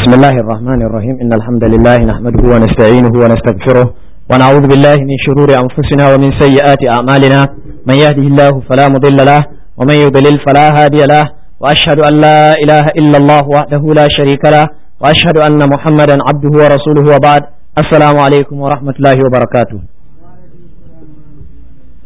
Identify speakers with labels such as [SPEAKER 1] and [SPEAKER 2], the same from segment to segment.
[SPEAKER 1] بسم الله الرحمن الرحيم إن الحمد لله نحمده ونستعينه ونستغفره ونعوذ بالله من شرور أنفسنا ومن سيئات أعمالنا من يهده الله فلا مضل له ومن يضلل فلا هادي له وأشهد أن لا إله إلا الله وحده لا شريك له وأشهد أن محمدا عبده ورسوله وبعد السلام عليكم ورحمة الله وبركاته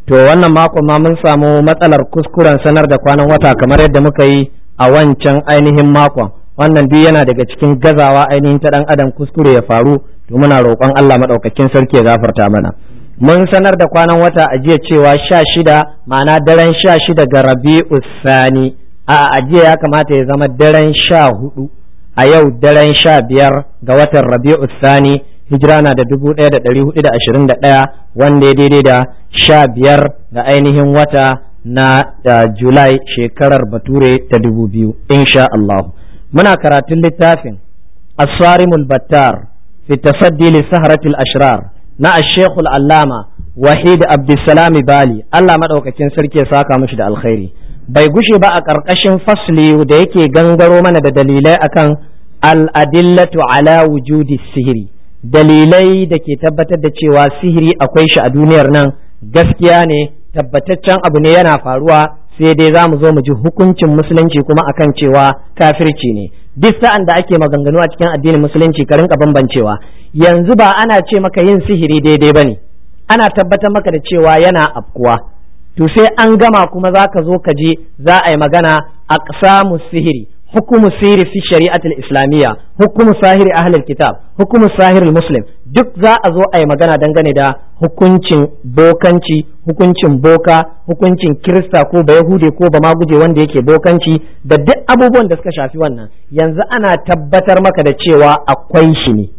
[SPEAKER 1] to wannan makon ma mun samu matsalar kuskuren sanar da kwanan wata kamar yadda muka yi a wancan ainihin makon wannan duk yana daga cikin gazawa ainihin ta dan adam kuskure ya faru to muna roƙon Allah madaukakin sarki ya gafarta mana mun sanar da kwanan wata a jiya cewa sha shida ma'ana daren sha shida ga rabi'u sani a ajiya ya kamata ya zama daren sha hudu a yau daren sha biyar ga watan rabi'u sani hijira na da dubu ɗaya da ɗari hudu da ashirin da ɗaya wanda ya daidai da sha biyar ga ainihin wata na julai shekarar bature ta dubu biyu insha allahu. muna karatun littafin aswarimul battar fi tasaddi li saharatul ashrar na ashekul allama wahid abdulsalam bali allah maɗaukacin sarki ya saka mishi da alkhairi bai gushe ba a ƙarƙashin fasli da yake gangaro mana da dalilai akan al'adillatu ala wujudi sihiri dalilai da ke tabbatar da cewa sihiri akwai shi a duniyar nan gaskiya ne tabbataccen abu ne yana faruwa sai dai za mu zo mu ji hukuncin musulunci kuma akan cewa kafirci ne duk sa'an da ake maganganu a cikin addinin musulunci ka rinka bambancewa yanzu ba ana ce maka yin sihiri daidai ba ne. ana tabbatar maka da cewa yana afkuwa to sai an gama kuma za ka zo ka ji za a yi magana a sihiri hukumu sihiri fi shari'atul islamiyya hukumu sahiri ahlul kitab hukumu sahirul musulim duk za a zo a yi magana dangane da hukuncin bokanci hukuncin boka hukuncin kirista ko ba yahude ko ba maguje wanda yake bokanci da duk abubuwan da suka shafi wannan yanzu ana tabbatar maka da cewa akwai shi ne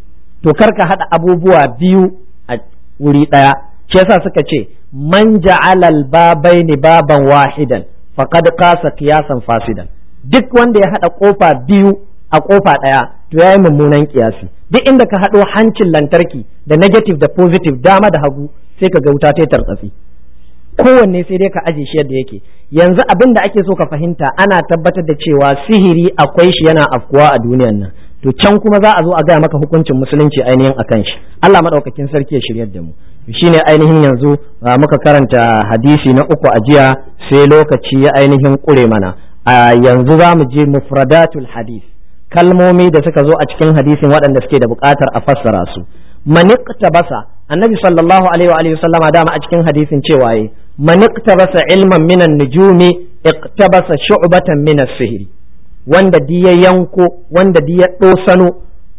[SPEAKER 1] to karka hada abubuwa biyu a wuri daya shi yasa suka ce man ja'ala al babaini baban wahidan faqad qasa qiyasan fasidan duk wanda ya haɗa ƙofa biyu a ƙofa ɗaya to ya yi mummunan ƙiyasi duk inda ka haɗo hancin lantarki da negative da positive dama da hagu sai ka ga wuta ta tartsatsi kowanne sai dai ka aje shi yadda yake yanzu abin da ake so ka fahimta ana tabbatar da cewa sihiri akwai shi yana afkuwa a duniyan nan to can kuma za a zo a gaya maka hukuncin musulunci ainihin akan shi Allah madaukakin sarki ya shiryar da mu shine ainihin yanzu muka karanta hadisi na uku a jiya sai lokaci ya ainihin kure mana a yanzu za mu je mufradatul hadis kalmomi da suka zo a cikin hadisin waɗanda suke da buƙatar a fassara su maniqta basa annabi sallallahu alaihi wa sallama dama a cikin hadisin cewa yi maniqta basa ilman minan nujumi iqtabasa shu'batan min sihiri wanda diya yanko wanda diya dosano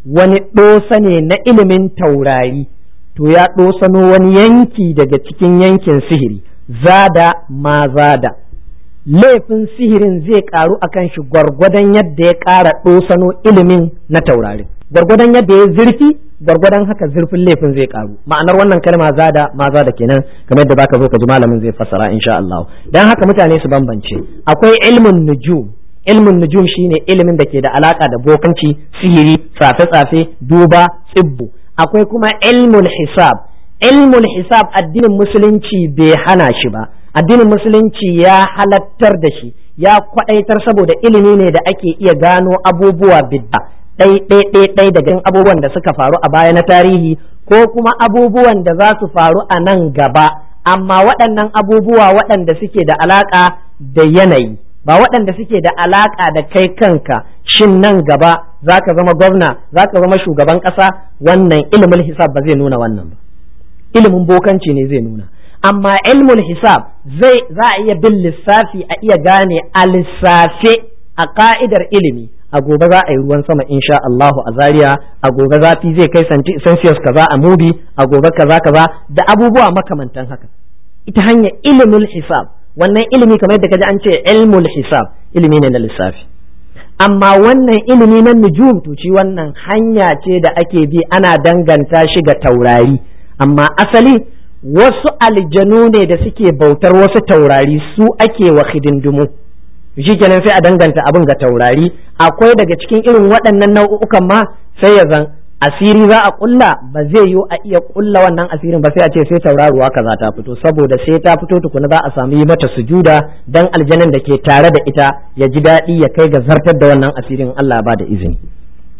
[SPEAKER 1] wani dosane na ilimin taurari to ya dosano wani yanki daga cikin yankin sihiri zada ma zada laifin sihirin zai karu kan shi gwargwadon yadda ya kara ɗosano ilimin na taurari gwargwadon yadda ya zurfi gwargwadon haka zurfin laifin zai karu ma'anar wannan kalma da ma za da kenan kamar yadda ka zo ka ji malamin zai fassara insha Allah dan haka mutane su bambance akwai ilimin nujum ilmin nujum shine ilimin da ke da alaka da bokanci sihiri tsafe-tsafe duba tsibbu akwai kuma ilmul hisab ilmul hisab addinin musulunci bai hana shi ba addinin musulunci ya halattar da shi ya kwaɗaitar saboda ilimi ne da ake iya gano abubuwa bidda ɗai daga abubuwan da suka faru a baya na tarihi ko kuma abubuwan da za su faru a nan gaba amma waɗannan abubuwa waɗanda suke da alaƙa da yanayi ba waɗanda suke da alaƙa da kai kanka shin nan gaba za ka zama gwamna za ka zama shugaban ƙasa wannan ilimin hisab ba zai nuna wannan ba ilimin bokanci ne zai nuna amma ilmul hisab zai za a iya bin lissafi a iya gane a lissafe a ka'idar ilimi a gobe za a yi ruwan sama insha Allahu a Zariya a gobe zafi zai kai celsius kaza a mubi a gobe kaza kaza da abubuwa makamantan haka ita hanya ilimul hisab wannan ilimi kamar yadda kaji an ce ilmul hisab ilimi ne na lissafi amma wannan ilimi na nujum to wannan hanya ce da ake bi ana danganta shi ga taurari amma asali wasu aljanu ne da suke bautar wasu taurari su ake wa hidindimu shi kenan sai a danganta abin ga taurari akwai daga cikin irin waɗannan nau'ukan ma sai ya zan asiri za a kulla ba zai yiwu a iya kulla wannan asirin ba sai a ce sai tauraruwa ka za ta fito saboda sai ta fito tukuna za a samu yi mata sujuda dan aljanin da ke tare da ita ya ji daɗi ya kai ga zartar da wannan asirin Allah ba da izini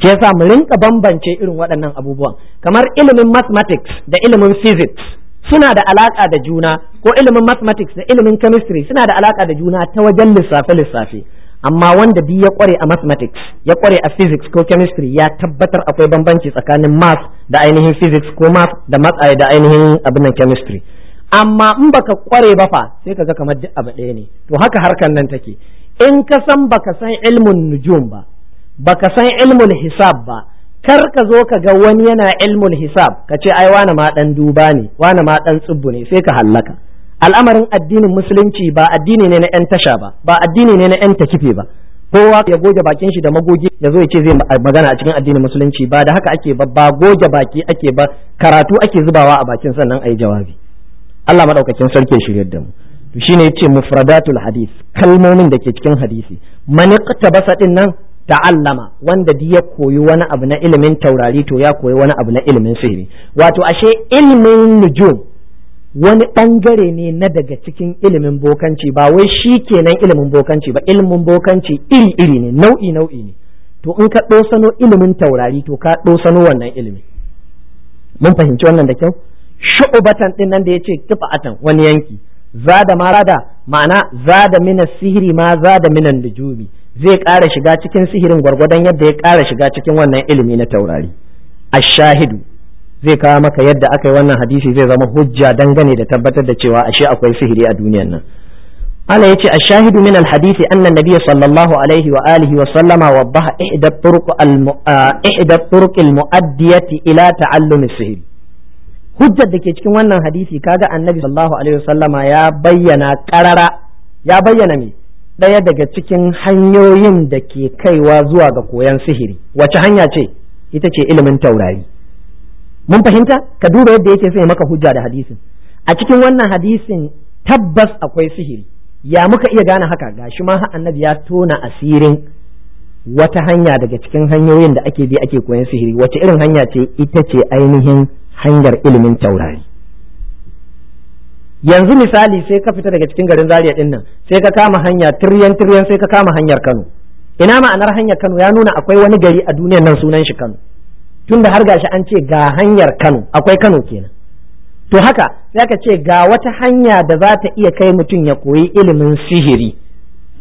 [SPEAKER 1] ke sa mu rinka bambance irin waɗannan abubuwan kamar ilimin mathematics da ilimin physics suna da alaka da juna ko ilimin mathematics da ilimin chemistry suna da alaka da juna ta wajen lissafe lissafe amma wanda bi ya kware a mathematics ya kware a physics ko chemistry ya tabbatar akwai bambanci tsakanin math da ainihin physics ko math da math eh, da ainihin abin chemistry amma in baka kware ba fa sai kaga kamar duk abu ɗaya ne to haka harkar nan take in ka san baka san ilmin nujum ba baka san ilmun hisab ba kar ka zo ka ga wani yana ilmul hisab ka ce ai wani ma dan duba ne wani ma dan tsubbu ne sai ka hallaka al'amarin addinin musulunci ba addini ne na yan tasha ba ba addini ne na yan takife ba kowa ya goge bakin shi da magogi ya zo ya ce zai magana a cikin addinin musulunci ba da haka ake ba ba goge baki ake ba karatu ake zubawa a bakin sannan ayi jawabi Allah madaukakin sarki shiryar da mu to shine yace mufradatul hadith kalmomin da ke cikin hadisi man iqtabasa din nan ta'allama wanda ya koyi wani abu na ilimin taurari to ya koyi wani abu na ilimin sihiri wato ashe ilimin nujum wani bangare ne na daga cikin ilimin bokanci ba wai shi kenan ilimin bokanci ba ilimin bokanci iri iri ne nau'i nau'i ne to in ka ɗo ɗosano ilimin taurari to ka ɗosano wannan ilimi mun fahimci wannan da kyau shu'ubatan din nan da ya ce, yace kifa'atan wani yanki zada ma ma'ana zada mina sihiri ma zada minan nujumi zai ƙara shiga cikin sihirin gwargwadon yadda ya ƙara shiga cikin wannan ilimi na taurari ashahidu zai kawo maka yadda aka yi wannan hadisi zai zama hujja dangane da tabbatar da cewa ashe akwai sihiri a duniyan nan ala ya ce ashahidu min alhadisi anna nabiyya sallallahu alaihi wa alihi wa sallama wabbaha ihda turuq ihda turuq almu'addiyati ila ta'allumi sihir hujjar da ke cikin wannan hadisi kaga annabi sallallahu alaihi wa ya bayyana karara ya bayyana me ɗaya daga cikin hanyoyin da ke kaiwa zuwa ga koyon sihiri wace hanya ce ita ce ilimin taurari mun fahimta ka duba yadda yake sai maka hujja da hadisin a cikin wannan hadisin tabbas akwai sihiri ya muka iya gane haka Ga shi ma annabi ya tona asirin wata hanya daga cikin hanyoyin da ake bi ake koyon sihiri wace irin hanya ce ita ce ainihin hanyar ilimin taurari yanzu misali sai ka fita daga cikin garin Zaria din nan sai ka kama hanya tiryan tiryan sai ka kama hanyar Kano ina ma'anar hanyar Kano ya nuna akwai wani gari a duniyar nan sunan shi Kano tunda har gashi an ce ga hanyar Kano akwai Kano kenan to haka sai ka ce ga wata hanya da za ta iya kai mutum ya koyi ilimin sihiri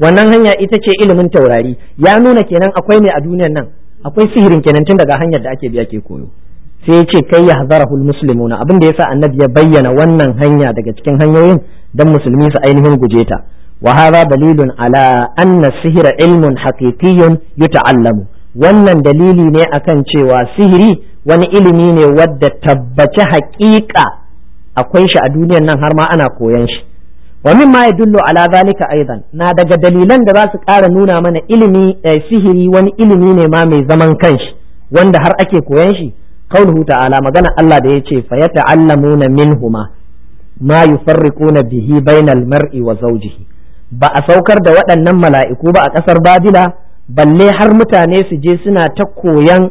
[SPEAKER 1] wannan hanya ita ce ilimin taurari ya nuna kenan akwai ne a duniyar nan akwai sihirin kenan tun daga hanyar da ake biya ke koyo sai ya ce kai ya hazarahul muslimuna abin da yasa annabi ya bayyana wannan hanya daga cikin hanyoyin dan musulmi su ainihin guje ta wa hadha dalilun ala anna sihra ilmun haqiqiyyun yuta'allamu wannan dalili ne akan cewa sihiri wani ilimi ne wadda tabbace haƙiƙa akwai shi a duniyar nan har ma ana koyan shi wa mimma yadullu ala zalika aidan na daga dalilan da za su ƙara nuna mana ilimi eh, sihiri wani ilimi ne ma mai zaman kanshi wanda har ake koyan shi qawluhu ta'ala magana Allah da yace fa yata'allamuna minhuma ma yufarriquna bihi bainal mar'i wa zawjihi ba a saukar da waɗannan mala'iku ba a ƙasar Babila balle har mutane su je suna ta koyan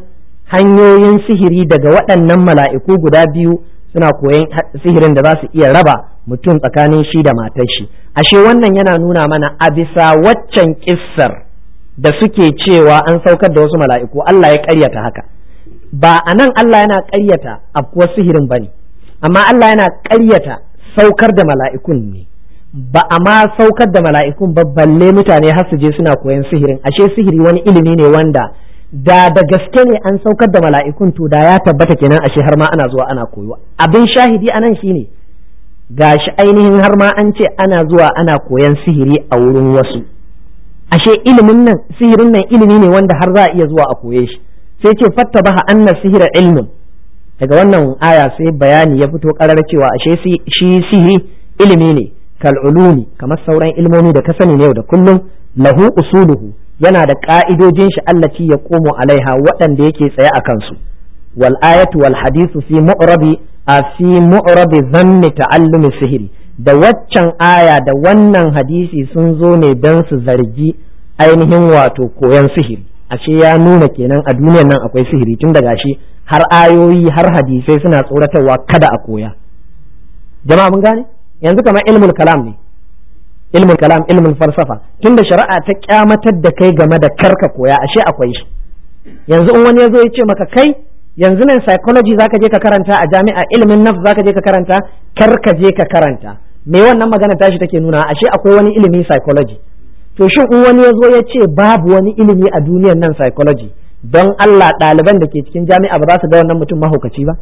[SPEAKER 1] hanyoyin sihiri daga waɗannan mala'iku guda biyu suna koyan sihirin da za su iya raba mutum tsakanin shi da matar shi ashe wannan yana nuna mana a bisa waccan kissar da suke cewa an saukar da wasu mala'iku Allah ya ƙaryata haka ba a nan Allah yana ƙaryata afkuwar sihirin ba ne amma Allah yana ƙaryata saukar da mala'ikun ne ba a ma saukar da mala'ikun ba balle mutane har su je suna koyan sihirin ashe sihiri wani ilimi ne wanda da da gaske ne an saukar da mala'ikun to da ya tabbata kenan ashe har ma ana zuwa ana koyo abin shahidi anan shine gashi ainihin har ma an ce ana zuwa ana koyan sihiri a wurin wasu ashe ilimin nan sihirin nan ilimi ne wanda har za a iya zuwa a koye shi sai ce fatta ha anna sihira ilmin daga wannan aya sai bayani ya fito karar cewa ashe shi sihiri ilimi ne kal ulumi kamar sauran ilmomi da ka sani ne yau da kullum lahu usuluhu yana da ka'idojin shi allati ya komo alaiha waɗanda yake tsaye a kansu wal ayatu wal hadisu fi mu'rabi a fi mu'rabi zanni ta'allumi sihiri da waccan aya da wannan hadisi sun zo ne don su zargi ainihin wato koyon sihiri ashe ya nuna kenan a duniyar nan akwai sihiri tun daga shi har ayoyi har hadisai suna tsoratarwa kada a koya jama'a mun gane yanzu kamar ilmul kalam ne ilmul kalam ilmul falsafa tunda shari'a ta kyamatar da kai game da karka koya ashe akwai shi yanzu in wani ya zo ya ce maka kai yanzu nan psychology zaka je ka karanta a jami'a ilimin nafs zaka je ka karanta karka je ka karanta me wannan magana tashi take nuna ashe akwai wani ilimin psychology to shin in wani ya zo ya ce babu wani ilimi a duniyar nan psychology don Allah ɗaliban da ke cikin jami'a ba za su ga wannan mutum mahaukaci ba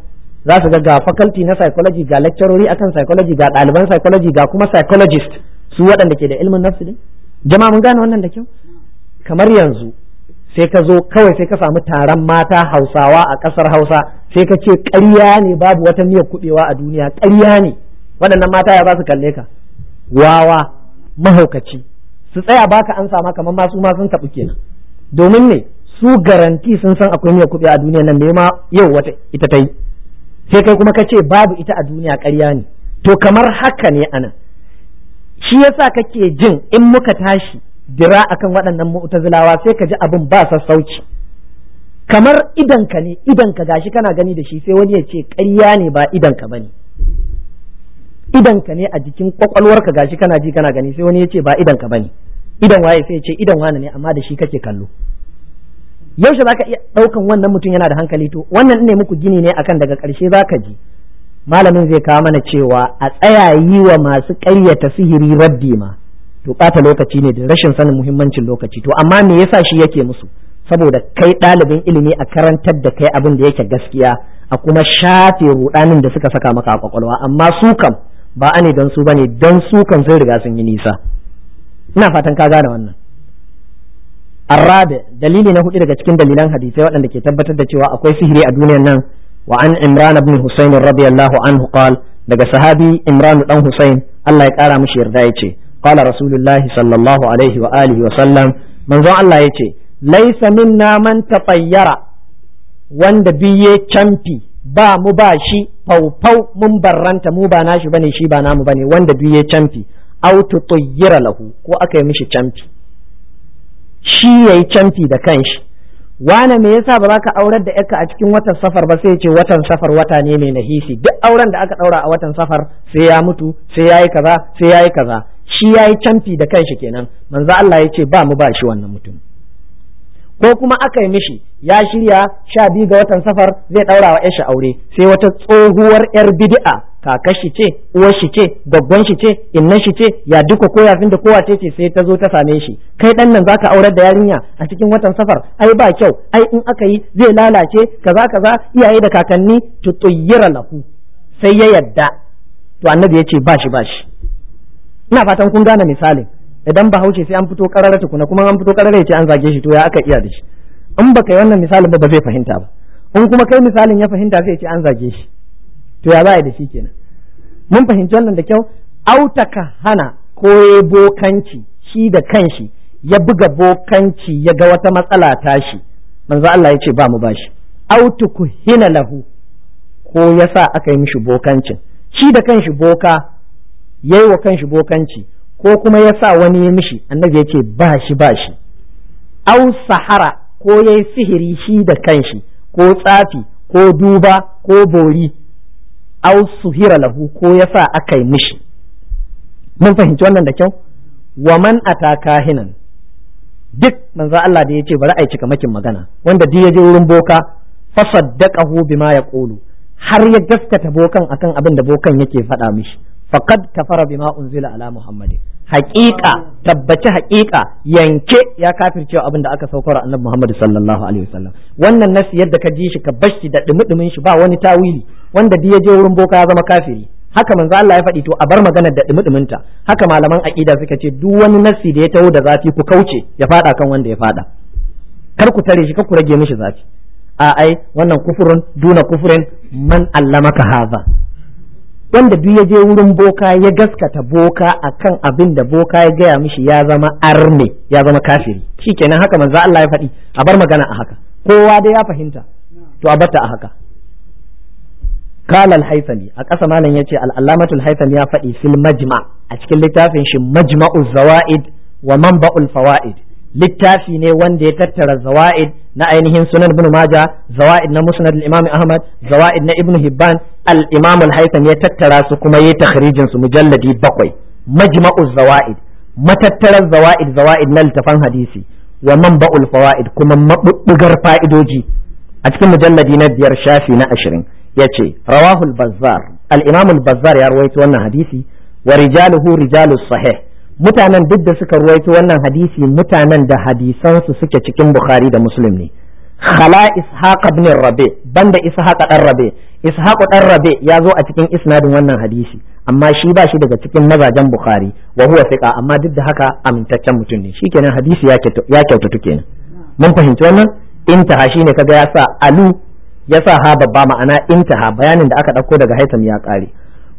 [SPEAKER 1] za su ga ga faculty na psychology ga lecturori akan psychology ga ɗaliban psychology ga kuma psychologist su waɗanda ke da ilimin nafsu ne jama'a mun gane wannan da kyau kamar yanzu sai ka zo kawai sai ka samu taron mata hausawa a kasar hausa sai ka ce ƙarya ne babu wata miyar kuɓewa a duniya ƙarya ne waɗannan mata ya za su kalle ka wawa mahaukaci su tsaya baka ansa ma kamar ma su ma sun tabu kenan domin ne su garanti sun san akwai miyar kuɗi a duniya nan ne ma yau wata ita ta yi sai kai kuma ka ce babu ita a duniya ƙarya ne to kamar haka ne ana shi yasa kake jin in muka tashi dira akan waɗannan mu'tazilawa sai ka ji abin ba sassauci kamar idanka ne idanka gashi kana gani da shi sai wani ya ce ƙarya ne ba idanka bane ka ne a jikin kwakwalwarka gashi kana ji kana gani sai wani ya ce ba idan idanka bane idan waye sai ya ce idan wani ne amma da shi kake kallo yaushe zaka iya ɗaukan wannan mutum yana da hankali to wannan ne muku gini ne akan daga karshe zaka ji malamin zai kawo mana cewa a tsayayi wa masu ƙaryata sihiri raddima ma to ɓata lokaci ne da rashin sanin muhimmancin lokaci to amma me yasa shi yake musu saboda kai ɗalibin ilimi a karantar da kai abin da yake gaskiya a kuma shafe rudanin da suka saka maka a kwakwalwa amma su kam ba a ne don su bane don su kan sun riga sun yi nisa ina fatan ka gane wannan arrabe dalili na hudu daga cikin dalilan hadisai waɗanda ke tabbatar da cewa akwai sihiri a duniyar nan wa an imran ibn husayn radiyallahu anhu qal daga sahabi imran dan husayn Allah ya kara mishi yarda yace qala rasulullahi sallallahu alaihi wa alihi wa sallam manzon Allah yace laisa minna man tatayyara wanda biye camfi ba mu ba shi faufau mun barranta mu ba nashi bane shi ba namu bane wanda duk ya camfi autu tutayyira lahu ko aka yi mishi camfi shi yayi camfi da kanshi wane me yasa ba za ka aurar da yarka a cikin watan safar ba sai ce watan safar wata ne mai nahisi duk auren da aka daura a watan safar sai ya mutu sai yayi kaza sai yayi kaza shi yayi camfi da kanshi kenan manzo Allah ya ce ba mu ba shi wannan mutum ko kuma aka yi mishi ya shirya sha biyu ga watan safar zai ɗaura wa yashi aure sai wata tsohuwar yar bidi'a kakashi shi ce uwar shi ce babban shi ce innan shi ce ya duka ko yafin da kowa ce sai ta zo ta same shi kai dan nan ka aurar da yarinya a cikin watan safar ai ba kyau ai in aka yi zai lalace kaza kaza iyaye da kakanni tutuyyira lahu sai ya yadda to annabi ya ce ba shi ba shi ina fatan kun gane misalin idan bahaushe sai an fito karara tukuna kuma an fito karara ce an zage shi to ya aka iya da shi in baka yi wannan misalin ba ba zai fahimta ba in kuma kai misalin ya fahimta ya ce an zage shi to ya za da shi kenan mun fahimci wannan da kyau autaka hana ko bokanci shi da kanshi ya buga bokanci ya ga wata matsala ta shi. manzo Allah ya ce ba mu ba bashi autuku hina lahu ko yasa aka yi mishi bokancin shi da kanshi boka yayi wa kanshi bokanci ko kuma ya sa wani ya mishi annabi ya ce ba shi ba shi au sahara ko ya yi sihiri shi da kanshi ko tsafi ko duba ko bori au suhira lahu ko ya sa aka yi mishi mun fahimci wannan da kyau wa man ataka hinan duk manzo Allah da yace bari a cika makin magana wanda duk yaje wurin boka fa saddaqahu bima yaqulu har ya gaskata bokan akan abin da bokan yake faɗa mishi faqad kafara bima unzila ala muhammadin haƙiƙa tabbaci haƙiƙa yanke ya kafir abin da aka saukar annabi Muhammad sallallahu alaihi wasallam wannan nasi yadda ka ji shi ka bashi da dumudumin shi ba wani tawili wanda duk ya je wurin boka ya zama kafiri haka manzo Allah ya faɗi to a bar maganar da dumudumin ta haka malaman aƙida suka ce duk wani nasi da ya taho da zafi ku kauce ya fada kan wanda ya fada kar ku tare shi kar ku rage mishi zafi a'a wannan kufurin duna kufurin man maka haza wanda duk ya je wurin boka ya gaskata boka akan abin da boka ya gaya mishi ya zama arne ya zama kafiri kenan haka manzo Allah ya faɗi a bar magana a haka kowa dai ya fahimta to a bata a haka a ya ce al alamatul لن ya faɗi الهيثمي majma' a cikin littafin shi شي zawa'id wa ومنبع fawa'id littafi ne wanda ya tattara zawaid na ainihin sunan ibn maja zawaid na musnad al-imam ahmad zawaid na ibn hibban al-imam al-haytham ya tattara su kuma yayi takhrijin su mujalladi bakwai majma'u zawaid matattarar zawaid zawaid na littafan hadisi wa manba'ul fawaid kuma mabubbugar fa'idoji a cikin mujalladi na biyar shafi na ashirin yace rawahu al-bazzar al-imam al-bazzar ya rawaito wannan hadisi wa rijaluhu rijalus sahih mutanen duk da suka ruwaito wannan hadisi mutanen da hadisansu suke cikin bukhari da muslim ne khala ishaq ibn rabi banda ishaq dan rabi ishaq dan rabi ya zo a cikin isnadin wannan hadisi amma shi ba shi daga cikin mazajen bukhari wa huwa amma duk da haka amintaccen mutum ne shikenan hadisi ya ya kyautatu kenan mun fahimci wannan intaha shine kaga ya sa alu ya sa ha babba ma'ana intaha bayanin da aka dauko daga haitam ya kare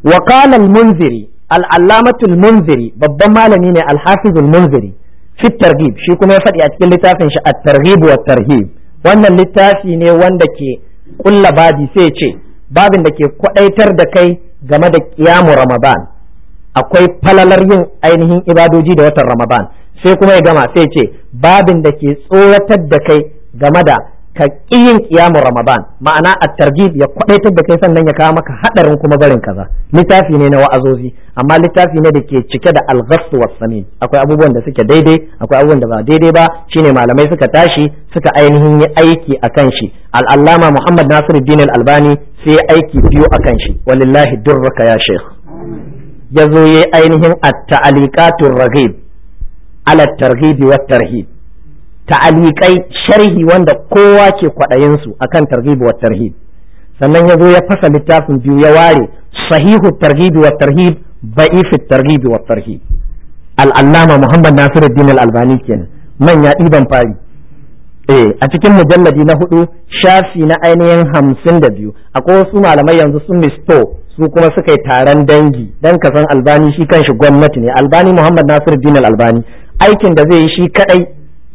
[SPEAKER 1] wa qala al-munziri al'allamatul munziri babban malami ne alhafizul munziri fi targhib shi kuma ya faɗi a cikin littafin shi at-targhib wa tarhib wannan littafi ne wanda ke kulla babi sai ce babin da ke kwadaitar da kai game da kiyamu ramadan akwai falalar yin ainihin ibadoji da watan ramadan sai kuma ya gama sai ce babin da ke tsoratar da kai game da ka yin kiyamun ramadan ma'ana a targhib ya kwadaitar da kai sannan ya kawo maka haɗarin kuma barin kaza littafi ne na wa'azozi amma littafi ne da ke cike da alghasu was samin akwai abubuwan da suke daidai akwai abubuwan da ba daidai ba shine malamai suka tashi suka ainihin yi aiki akan shi al-allama muhammad nasiruddin al-albani sai aiki biyu akan shi walillahi durraka ya sheikh yazo yayi ainihin at-ta'aliqatur raghib ala at-targhib wat-tarhib ta'alikai sharhi wanda kowa ke kwaɗayin su akan targhib wa tarhib sannan zo ya fasa littafin biyu ya ware sahihu targhib wa tarhib ba'ifu targhib wa tarhib al Muhammad Nasiruddin al-Albani kenan manya ɗiban fari eh a cikin mujalladi na hudu shafi na ainihin hamsin da biyu akwai wasu malamai yanzu sun misto su kuma suka yi taron dangi dan kasan albani shi kanshi gwamnati ne albani muhammad nasir din albani aikin da zai yi shi kadai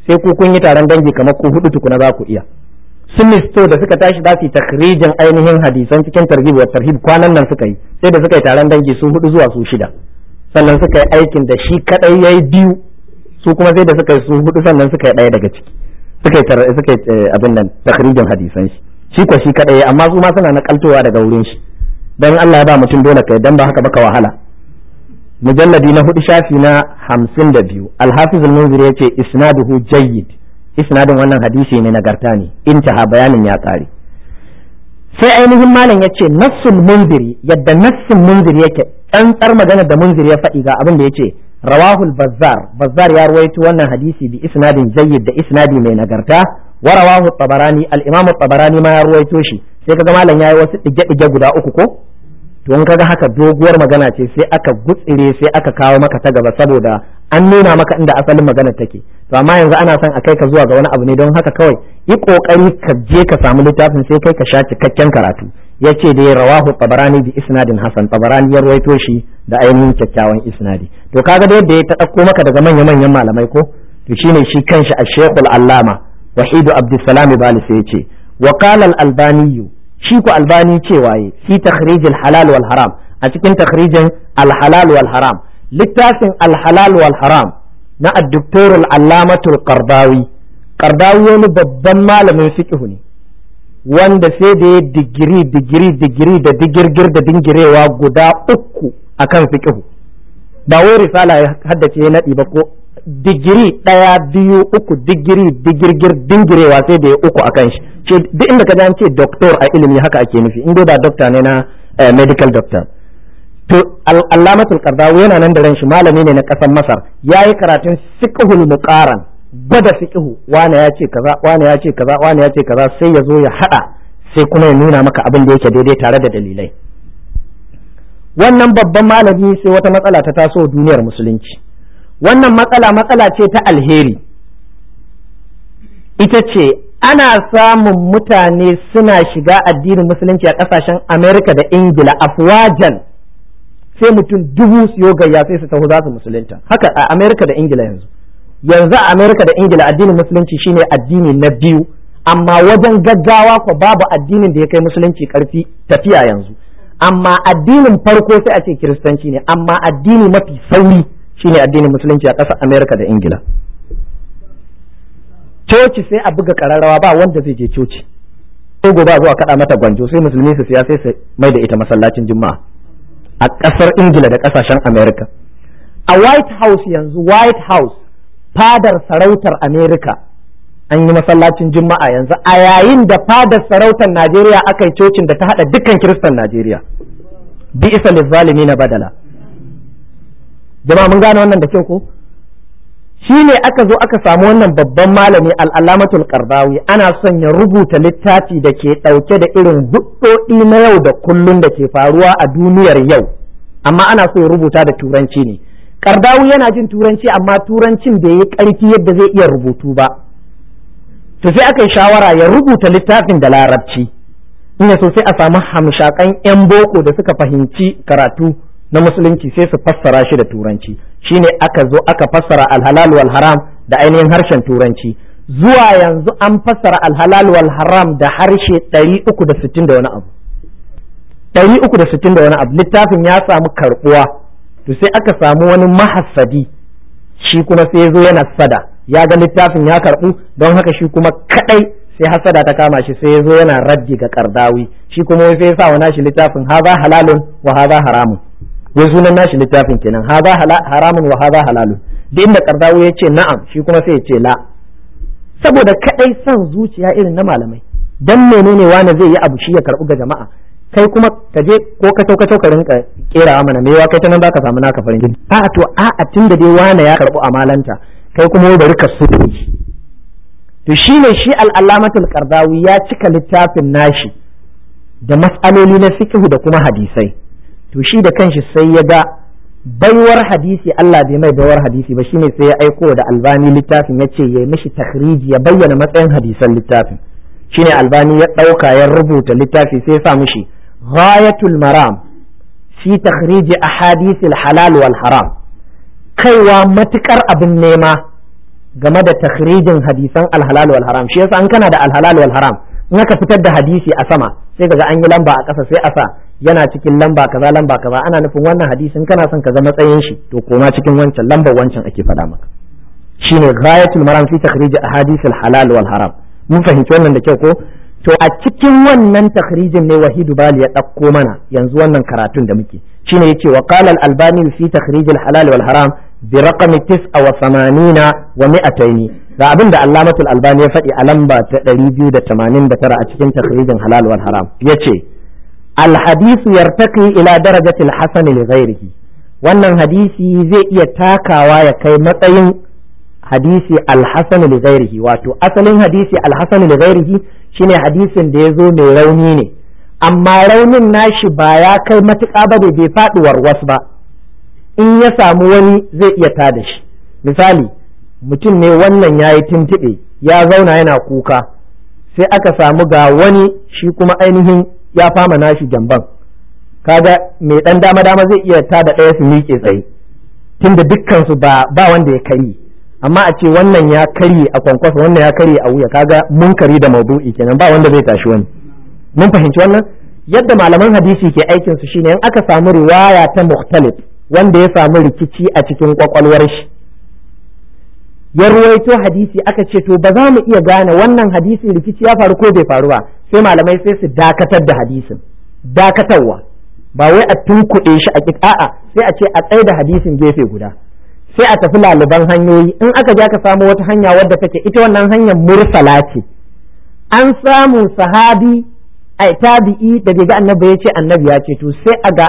[SPEAKER 1] sai ku kun yi taron dangi kamar ku hudu tukuna za ku iya sun misto da suka tashi za su yi takrijin ainihin hadisan cikin tarhibu wa tarhibu kwanan nan suka yi sai da suka yi taron dangi su hudu zuwa su shida sannan suka yi aikin da shi kadai ya yi biyu su kuma sai da suka yi su hudu sannan suka yi daya daga ciki suka yi eh, abin nan takrijin hadisan shi shi ko shi kadai amma su ma suna kaltowa daga wurin shi don Allah ya ba mutum dole kai dan ba haka baka wahala mujalladi na hudu shafi na hamsin da biyu alhafiz al-munzir ya ce isnaduhu jayyid isnadin wannan hadisi ne nagarta ne intaha bayanin ya kare sai ainihin malam ya ce nassul munziri yadda nassin munzir yake tsantsar magana da munziri ya faɗi ga abin da ya ce rawahul bazzar bazzar ya ruwaito wannan hadisi bi isnadin jayyid da isnadi mai nagarta wa rawahu tabarani al-imamu tabarani ma ya ruwaito shi sai kaga malam yayi wasu dige-dige guda uku ko to in kaga haka doguwar magana ce sai aka gutsire sai aka kawo maka ta gaba saboda an nuna maka inda asalin magana take to amma yanzu ana son a kai ka zuwa ga wani abu ne don haka kawai yi kokari ka je ka samu littafin sai kai ka sha cikakken karatu yace da rawahu tabarani bi isnadin hasan tabarani ya shi da ainihin kyakkyawan isnadi to kaga da yadda ya ta dauko maka daga manya manyan malamai ko to shine shi kanshi a shekul allama wahidu abdussalam balisi yace wa qala al albani shi ku albani cewa yi fi takhrijil halal wal haram a cikin takhrijin al halal wal haram littafin al halal wal haram na ad-doktor al-allamatul qardawi qardawi wani babban malamin fiqh ne wanda sai da ya digiri digiri digiri da digirgir da dingirewa guda uku akan fiqh ba wai risala ya haddace ya nadi ba ko digiri ɗaya biyu uku digiri digirgir dingirewa sai da ya uku a kan shi ce duk inda ka ji an ce doktor a ilimi haka ake nufi in da ba ne na eh, medical doctor to alamatul qardawi yana nan da ran shi malami ne na ƙasar masar yayi karatun fiqhul muqaran gwada fiqhu wani ya ce kaza wani ya ce kaza wani ya ce kaza sai ya zo ya hada sai kuma ya nuna maka abin da yake daidai tare da dalilai wannan babban malami sai wata matsala ta taso duniyar musulunci wannan matsala matsala ce ta alheri ita ce ana samun mutane suna shiga addinin musulunci a kasashen amerika da ingila afwajan sai mutum dubu siyo gayya sai su taho za su musulunta haka a amerika da ingila yanzu yanzu a amerika da ingila addinin musulunci shine addini na biyu amma wajen gaggawa ko babu addinin da ya kai musulunci karfi tafiya yanzu amma addinin farko sai a ce kiristanci ne amma addini mafi sauri Shi ne addinin musulunci a ƙasar Amerika da Ingila coci sai a buga ƙararrawa ba wanda zai je coci Togo ba zuwa kaɗa mata gwanjo sai musulmi su siya sai su mai da ita masallacin juma'a a ƙasar Ingila da ƙasashen Amerika a White House yanzu White House fadar sarautar Amerika an yi masallacin juma'a yanzu a yayin da fadar sarautar Najeriya aka yi cocin da ta haɗa dukkan kiristan Najeriya bi isa na badala jama'a mun gane wannan da kyau ko shi ne aka zo aka samu wannan babban malami al'alamatul karbawi ana son ya rubuta littafi da ke ɗauke da irin hudodi na yau da kullun da ke faruwa a duniyar yau amma ana so ya rubuta da turanci ne karbawi yana jin turanci amma turancin bai yi ƙarfi yadda zai iya rubutu ba to sai aka yi shawara ya rubuta littafin da larabci Ina ya so sai a samu hamshakan yan boko da suka fahimci karatu na musulunci sai su fassara shi da turanci shine aka zo aka fassara alhalal wal haram da ainihin harshen turanci zuwa yanzu an fassara alhalal wal haram da harshe 360 da wani abu 360 da wani abu littafin ya samu karbuwa to sai aka samu wani mahassadi shi kuma sai zo yana sada ya ga littafin ya karbu don haka shi kuma kadai sai hasada ta kama shi sai ya zo yana raddi ga kardawi shi kuma sai ya sa wa nashi littafin haza halalun wa haza haramun wai sunan nashi littafin kenan haza haramun wa haza halalun da inda kardawo ya ce na'am shi kuma sai ya ce la saboda kadai son zuciya irin na malamai dan menene wani zai yi abu shi ya karbu ga jama'a kai kuma ka je ko ka tauka ka rinka kera mana mewa kai ta nan zaka samu naka farin jini a to a a tunda dai wani ya karbu amalanta kai kuma bari ka so to shine shi al-allamatul qardawi ya cika littafin nashi da mas'aloli na fiqh da kuma hadisai to shi da kanshi sai ya ga baiwar hadisi Allah bai mai baiwar hadisi ba shine sai ya aiko da albani littafin ya ce ya mishi takhriji ya bayyana matsayin hadisan littafin shine albani ya ɗauka ya rubuta littafi sai ya sa mishi ghayatul maram fi takhriji ahadisil halal wal haram kaiwa matukar abin nema game da takhrijin hadisan alhalal wal haram shi yasa an kana da alhalal wal haram in aka fitar da hadisi a sama sai kaga an yi lamba a ƙasa sai a sa yana cikin lamba kaza lamba kaza ana nufin wannan hadisin kana son ka zama matsayin shi to koma cikin wancan lambar wancan ake faɗa maka shine ghayatul maram fi takhrij ahadith halal wal haram mun fahimci wannan da kyau ko to a cikin wannan takhrijin ne wahidu bali ya ɗauko mana yanzu wannan karatun da muke shine yace wa qala al albani fi takhrij al halal wal haram bi raqam 89 wa 200 ga abin da allamatul albani ya faɗi a lamba ta 289 a cikin takhrijin halal wal haram yace alhadisu yartaqi ila darajatil hasani li ghairihi wannan hadisi zai iya takawa ya kai matsayin hadisi alhasan li ghairihi wato asalin hadisi alhasan li ghairihi shine hadisin da ya zo mai rauni ne amma raunin nashi ba ya kai matuƙa ba da bai faɗuwar wasu ba in ya samu wani zai iya ta da shi misali mutum ne wannan ya yi tuntuɓe ya zauna yana kuka sai aka samu ga wani shi kuma ainihin ya fama nashi jamban kaga mai dan dama dama zai iya ta da ɗaya su miƙe tsaye tunda dukkan su ba ba wanda ya kari amma a ce wannan ya kari a kwankwaso wannan ya kari a wuya kaga munkari da maudu'i kenan ba wanda zai tashi wani mun fahimci wannan yadda malaman hadisi ke aikin su shine in aka samu riwaya ta mukhtalif wanda ya samu rikici a cikin kwakwalwar shi ya ruwaito hadisi aka ce to ba za mu iya gane wannan hadisi rikici ya faru ko bai faru ba sai malamai sai su dakatar da hadisin dakatarwa ba wai a tunkuɗe shi a a'a sai a ce a tsaye da hadisin gefe guda sai a tafi laliban hanyoyi in aka ga ka samu wata hanya wadda take ita wannan hanyar mursala ce an samu sahabi a tabi'i da daga annabi ya ce annabi ya ce to sai a ga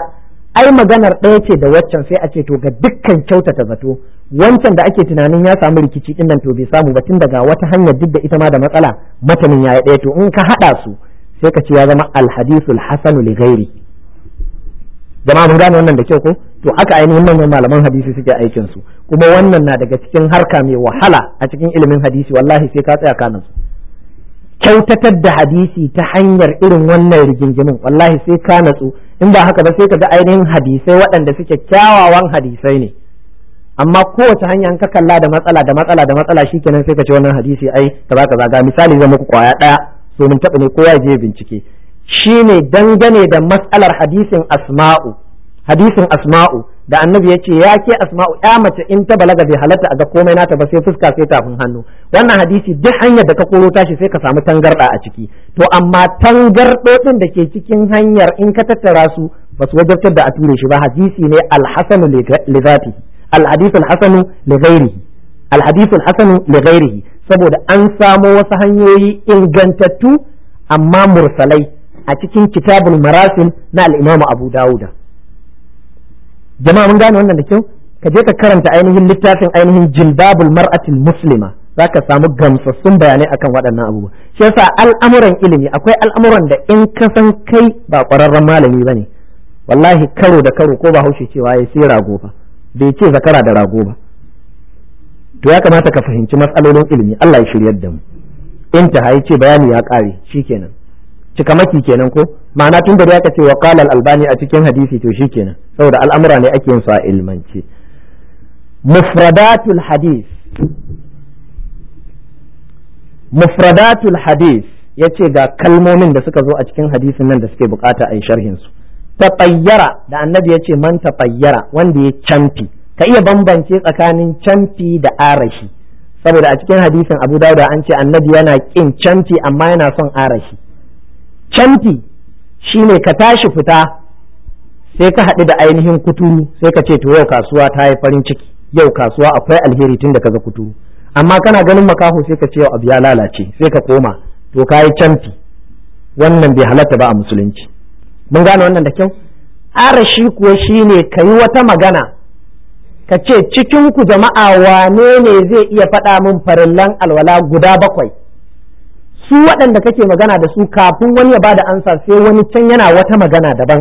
[SPEAKER 1] ai maganar ɗaya ce da waccan sai a ce to ga dukkan kyauta ta zato wancan da ake tunanin ya samu rikici din nan to bai samu ba tun daga wata hanyar duk da ita ma da matsala matanin yayi ɗaya to in ka haɗa su sai ka ce ya zama alhadisul hasanu li ghairi jama'a mun gane wannan da kyau ko to aka ainihin manyan malaman hadisi suke aikin su kuma wannan na daga cikin harka mai wahala a cikin ilimin hadisi wallahi sai ka tsaya kanin su kyautatar da hadisi ta hanyar irin wannan rigingimin wallahi sai ka natsu in ba haka ba sai ka ga ainihin hadisai waɗanda suke kyawawan hadisai ne amma kowace hanya ka kalla da matsala da matsala da matsala kenan sai ka ce wannan hadisi ai kaza za ga misali zan muku kwaya ɗaya so mun taɓa ne kowa ya je bincike shine dangane da matsalar hadisin asma'u hadisin asma'u da annabi ya ce ya ke asma'u ya mace in ta balaga bai halatta a ga komai nata ba sai fuska sai tafin hannu wannan hadisi duk hanyar da ka koro tashi sai ka samu tangarɗa a ciki to amma tangardodin da ke cikin hanyar in ka tattara su ba su wajabtar da a ture shi ba hadisi ne alhasanu li zati alhadith alhasanu li ghairihi alhadith li ghairihi saboda an samo wasu hanyoyi ingantattu amma mursalai a cikin kitabul marasin na al-imamu abu dauda jama'a mun gane wannan da kyau ka je ka karanta ainihin littafin ainihin jilbabul mar'atil muslima za ka samu gamsassun bayanai akan waɗannan abubuwa shi yasa al'amuran ilimi akwai al'amuran da in ka san kai ba ƙwararren malami ba ne wallahi karo da karo ko ba haushe cewa ya sai rago ba bai ce zakara da rago ba to ya kamata ka fahimci matsalolin ilimi Allah ya shirya da mu ta ce bayani ya ƙare shikenan cikamaki kenan ko ma'ana tun da ya ce wa qala al-albani a cikin hadisi to shi kenan saboda al'amura ne ake yin su a ilmance mufradatul hadis mufradatul hadis yace ga kalmomin da suka zo a cikin hadisin nan da suke bukata a yi sharhin su tafayyara da annabi yace man tafayyara wanda ya canti ka iya bambance tsakanin canfi da arashi saboda a cikin hadisin Abu dauda an ce annabi yana kin canfi amma yana son arashi canfi shine ka tashi fita sai ka haɗu da ainihin kuturu sai ka ce to yau kasuwa ta yi farin ciki yau kasuwa akwai alheri tun da kaga kuturu amma kana ganin makaho sai ka ce abu ya lalace sai ka koma to ka yi canfi wannan bai halatta ba a musulunci mun gane wannan da kyau arashi kuwa shine ka yi wata magana ka ce cikin jama'a wane ne zai iya faɗa min farillan alwala guda bakwai su waɗanda kake magana da su kafin wani ya bada ansa sai wani can yana wata magana daban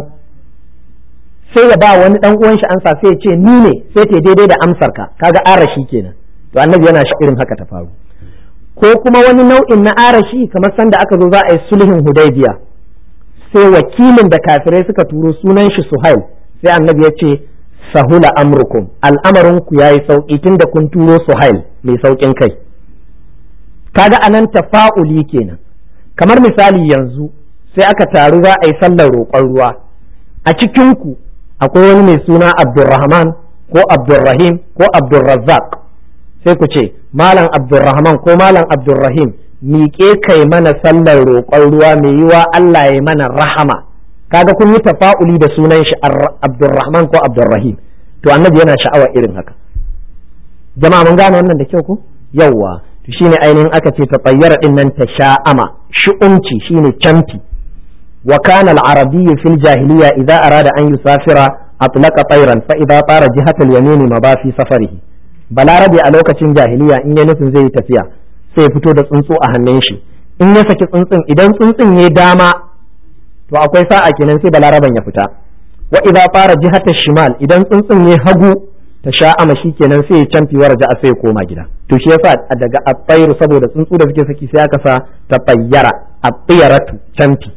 [SPEAKER 1] sai ya ba wani ɗan uwan shi ansa sai ya ce ni ne sai ta daidai da amsarka kaga arashi kenan to annabi yana shi irin haka ta faru ko kuma wani nau'in na arashi kamar sanda aka zo za a yi sulhin hudaybiya sai wakilin da kafirai suka turo sunan shi suhail sai annabi ya ce sahula amrukum al'amarin ku sauƙi, tun da kun turo suhail mai sauƙin kai kaga anan tafa'uli kenan kamar misali yanzu sai aka taru za a yi sallar roƙon ruwa a cikinku akwai wani mai suna abdurrahman ko abdurrahim ko abdurrazzaq sai ku ce malam abdurrahman ko malam abdurrahim miƙe kai mana sallar roƙon ruwa mai yiwa Allah ya mana rahama kaga kun yi tafa'uli da sunan shi abdurrahman ko abdurrahim to annabi yana sha'awa irin haka jama'a mun gane wannan da kyau ko yawwa to shine ainihin aka ce ta tsayyara din nan ta sha'ama shi'umci shine canti wa kana al-arabiyyu fil jahiliya idza arada an yusafira atlaqa tayran fa idza tara jihata al-yamin ma ba fi safarihi balarabe a lokacin jahiliya in ya nufin zai yi tafiya sai ya fito da tsuntsu a hannun shi in ya saki tsuntsun idan tsuntsun ya dama to akwai sa'a kenan sai balaraban ya fita wa idza fara jihata shimal idan tsuntsun ya hagu ta sha'ama kenan sai ya canfi wa raja'a sai ya koma gida to shi yasa daga afairu saboda tsuntsu da suke saki sai aka sa ta bayyara tayratu canfi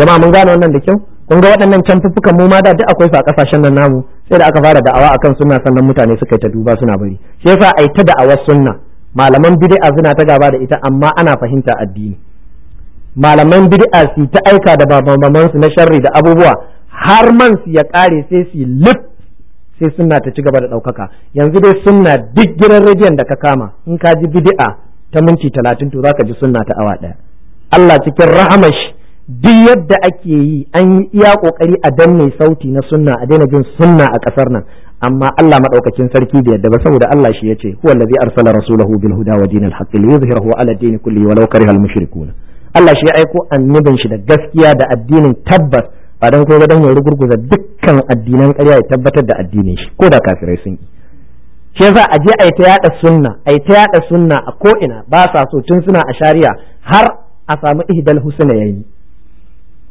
[SPEAKER 1] jama'a mun gane wannan da kyau kun ga waɗannan canfuffukan mu ma da duk akwai su a kasashen nan namu sai da aka fara da'awa akan sunna sannan mutane suka yi ta duba suna bari shi yasa yi ta da'awar sunna malaman bid'a suna ta gaba da ita amma ana fahimta addini malaman bid'a su ta aika da babban su na sharri da abubuwa har man su ya kare sai su lif sai sunna ta ci gaba da ɗaukaka yanzu dai sunna duk gidan rediyon da ka kama in ka ji bid'a ta minti talatin to zaka ji sunna ta awa ɗaya Allah cikin rahamashi duk yadda ake yi an yi iya kokari a danne sauti na sunna a daina jin sunna a kasar nan amma Allah madaukakin sarki bai yadda ba saboda Allah shi yace huwa allazi arsala rasulahu bil huda wa dinil haqqi liyuzhirahu ala dini kulli walau karihal mushrikun Allah shi ya aiko annabin shi da gaskiya da addinin tabbas ba dan ko dan ya gurguza dukkan addinan ƙarya ya tabbatar da addinin shi ko da kafirai sun yi shi yasa a je a ta yada sunna a ta yada sunna a ko ina ba sa so tun suna a shari'a har a samu ihdal husna yayi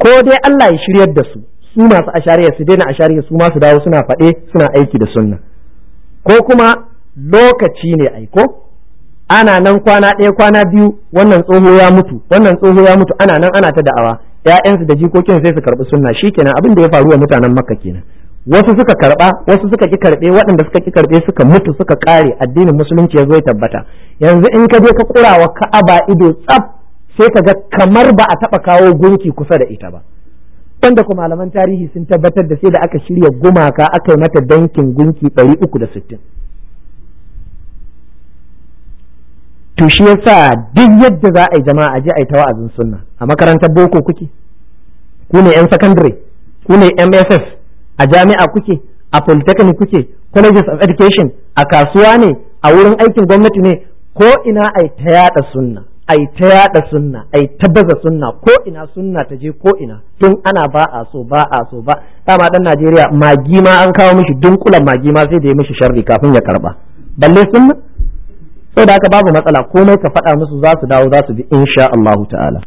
[SPEAKER 1] ko dai Allah ya shiryar da su su masu ashariya su daina ashariya su masu dawo suna faɗe suna aiki da sunna ko kuma lokaci ne aiko ana nan kwana ɗaya kwana biyu wannan tsoho ya mutu wannan tsoho ya mutu ana nan ana ta da'awa ƴaƴansu da jikokin sai su karɓi sunna shikenan abin da ya faru wa mutanen makka kenan wasu suka karɓa wasu suka ki karɓe waɗanda suka ki karɓe suka mutu suka ƙare addinin musulunci ya zo ya tabbata yanzu in ka je ka kurawa ka'aba ido tsaf sai ka ga kamar ba a taɓa kawo gunki kusa da ita ba wanda kuma malaman tarihi sun tabbatar da sai da aka shirya gumaka aka yi mata dankin gunki ɗari uku da sittin to shi yasa duk yadda za a yi jama'a a je a yi ta wa'azin sunna a makarantar boko kuke ku ne yan secondary ku ne mss a jami'a kuke a polytechnic kuke colleges of education a kasuwa ne a wurin aikin gwamnati ne ko ina a ta yada sunna ai ta yada sunna ai ta baza sunna ko ina sunna ta je ko ina tun ana ba a so ba a so ba dama dan Najeriya magi ma an kawo mishi dunkulan magi ma sai da ya mishi sharri kafin ya karba balle sunna da aka babu matsala komai ka faɗa musu za su dawo za su bi insha Allahu ta'ala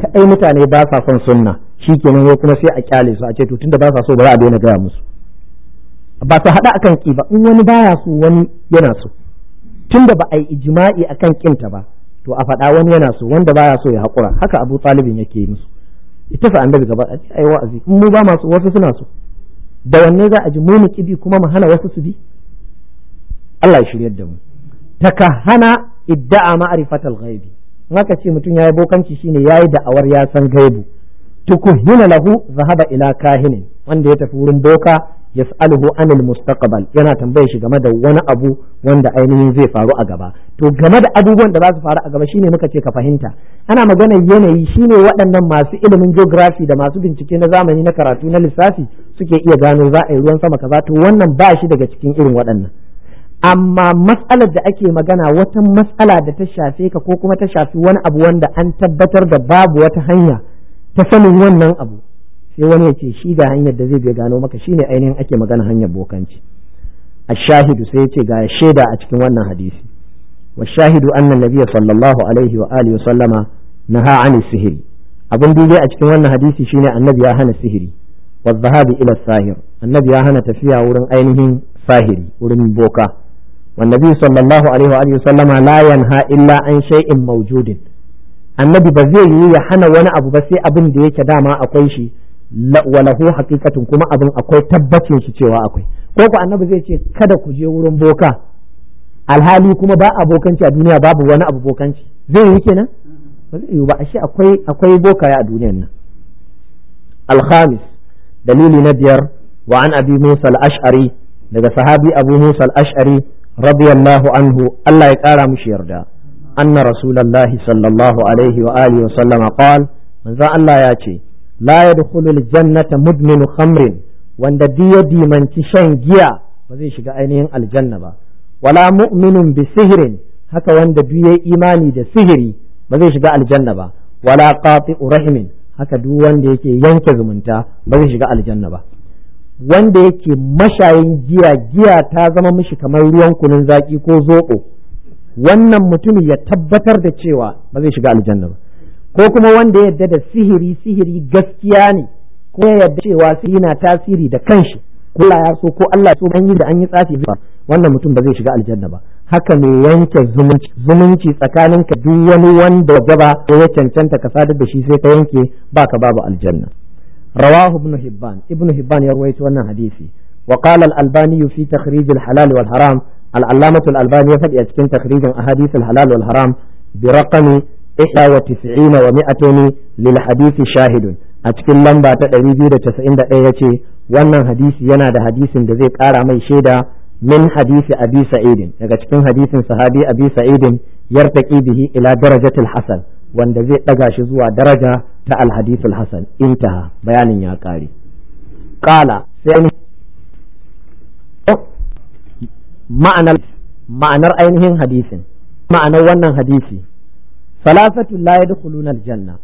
[SPEAKER 1] kaɗai mutane ba sa son sunna shi kenan kuma sai a kyale su a ce to tunda ba sa so ba za a daina gaya musu ba su haɗa akan ƙi ba in wani baya so wani yana so tunda ba a yi ijma'i akan ƙinta ba to a faɗa wani yana so wanda baya so ya haƙura haka abu talibin yake yi musu ita fa annabi gaba a ai wa'azi in mu ba masu wasu suna so da wanne za a ji mu bi kuma mu hana wasu su bi Allah ya shiryar da mu takahana idda'a ma'rifatal ghaibi aka ce mutum yayi bokanci shine yayi da'awar ya san gaibu tukuhina lahu zahaba ila kahinin wanda ya tafi wurin boka yas'aluhu anil mustaqbal yana tambaye shi game da wani abu wanda ainihin zai faru a gaba to game da abubuwan da za su faru a gaba shine muka ce ka fahimta ana magana yanayi shine waɗannan masu ilimin geography da masu bincike na zamani na karatu na lissafi suke iya gano za a yi ruwan sama kaza to wannan ba shi daga cikin irin waɗannan amma matsalar da ake magana wata matsala da ta shafe ka ko kuma ta shafi wani abu wanda an tabbatar da babu wata hanya ta sanin wannan abu sai wani ya ce shi da hanyar da zai bai gano maka shine ainihin ake magana hanyar bokanci a shahidu sai ya ce ga shaida a cikin wannan hadisi wa shahidu annan sallallahu alaihi wa alihi wa sallama naha an sihiri abin dubi a cikin wannan hadisi shine annabi ya hana sihiri wa zahabi ila sahir annabi ya hana tafiya wurin ainihin sahiri wurin boka wa صلى الله عليه وآله وسلم la yanha illa an شيء موجود annabi ba zai yi ya hana wani abu ba sai abin da yake dama akwai shi wa lahu haqiqatun kuma abin akwai tabbacin shi cewa akwai ko ku annabi zai ce kada ku je wurin boka alhali kuma ba abokanci a duniya babu wani abu bokanci zai yi kenan ba zai yi ba ashe akwai akwai a duniyan nan alhamis dalili na biyar wa an abi musa al-ash'ari daga sahabi abu musa al-ash'ari radiyallahu anhu Allah ya kara mushi yarda anna rasulullahi sallallahu alaihi wa alihi wa sallama qala manzo Allah ya ce la janna jannata mudminu khamrin wanda du ya dimanci shan giya ba zai shiga ainihin aljanna ba wala mu'minun bi sihirin haka wanda duk ya imani da sihiri ba zai shiga aljanna ba wala qati'u rahimin haka duk wanda yake yanke zumunta ba zai shiga aljanna ba wanda yake mashayin giya giya ta zama mishi kamar ruwan kunun zaki ko zoɓo wannan mutum ya tabbatar da cewa ba zai shiga aljanna ba ko kuma wanda ya yarda da sihiri sihiri gaskiya ne ko ya yarda cewa sihiri na tasiri da kanshi ko Allah ya so ko Allah so an yi da an yi tsafi ba wannan mutum ba zai shiga aljanna ba haka mai yanke zumunci zumunci tsakanin ka duk wani wanda gaba ko ya cancanta ka sadar da shi sai ka yanke baka babu aljanna rawahu ibn hibban ibn hibban ya rawaito wannan hadisi wa qala al-albani fi takhrij al-halal wal haram al-allamah al-albani ya faɗi a cikin takhrijin ahadith al-halal wal haram bi raqami 99 wa mi'atoni lil hadisi shahidun a cikin lamba ta 291 ya ce wannan hadisi yana da hadisin da zai kara mai shaida min hadisi abi sa'idin daga cikin hadisin sahabi abi sa'idin yartaki bihi ila darajatil hasan wanda zai ɗaga shi zuwa daraja ta alhadisul hasan intaha bayanin ya kare ma'anar ainihin hadisin ma'anar wannan hadisi salasatu la yadkhuluna aljanna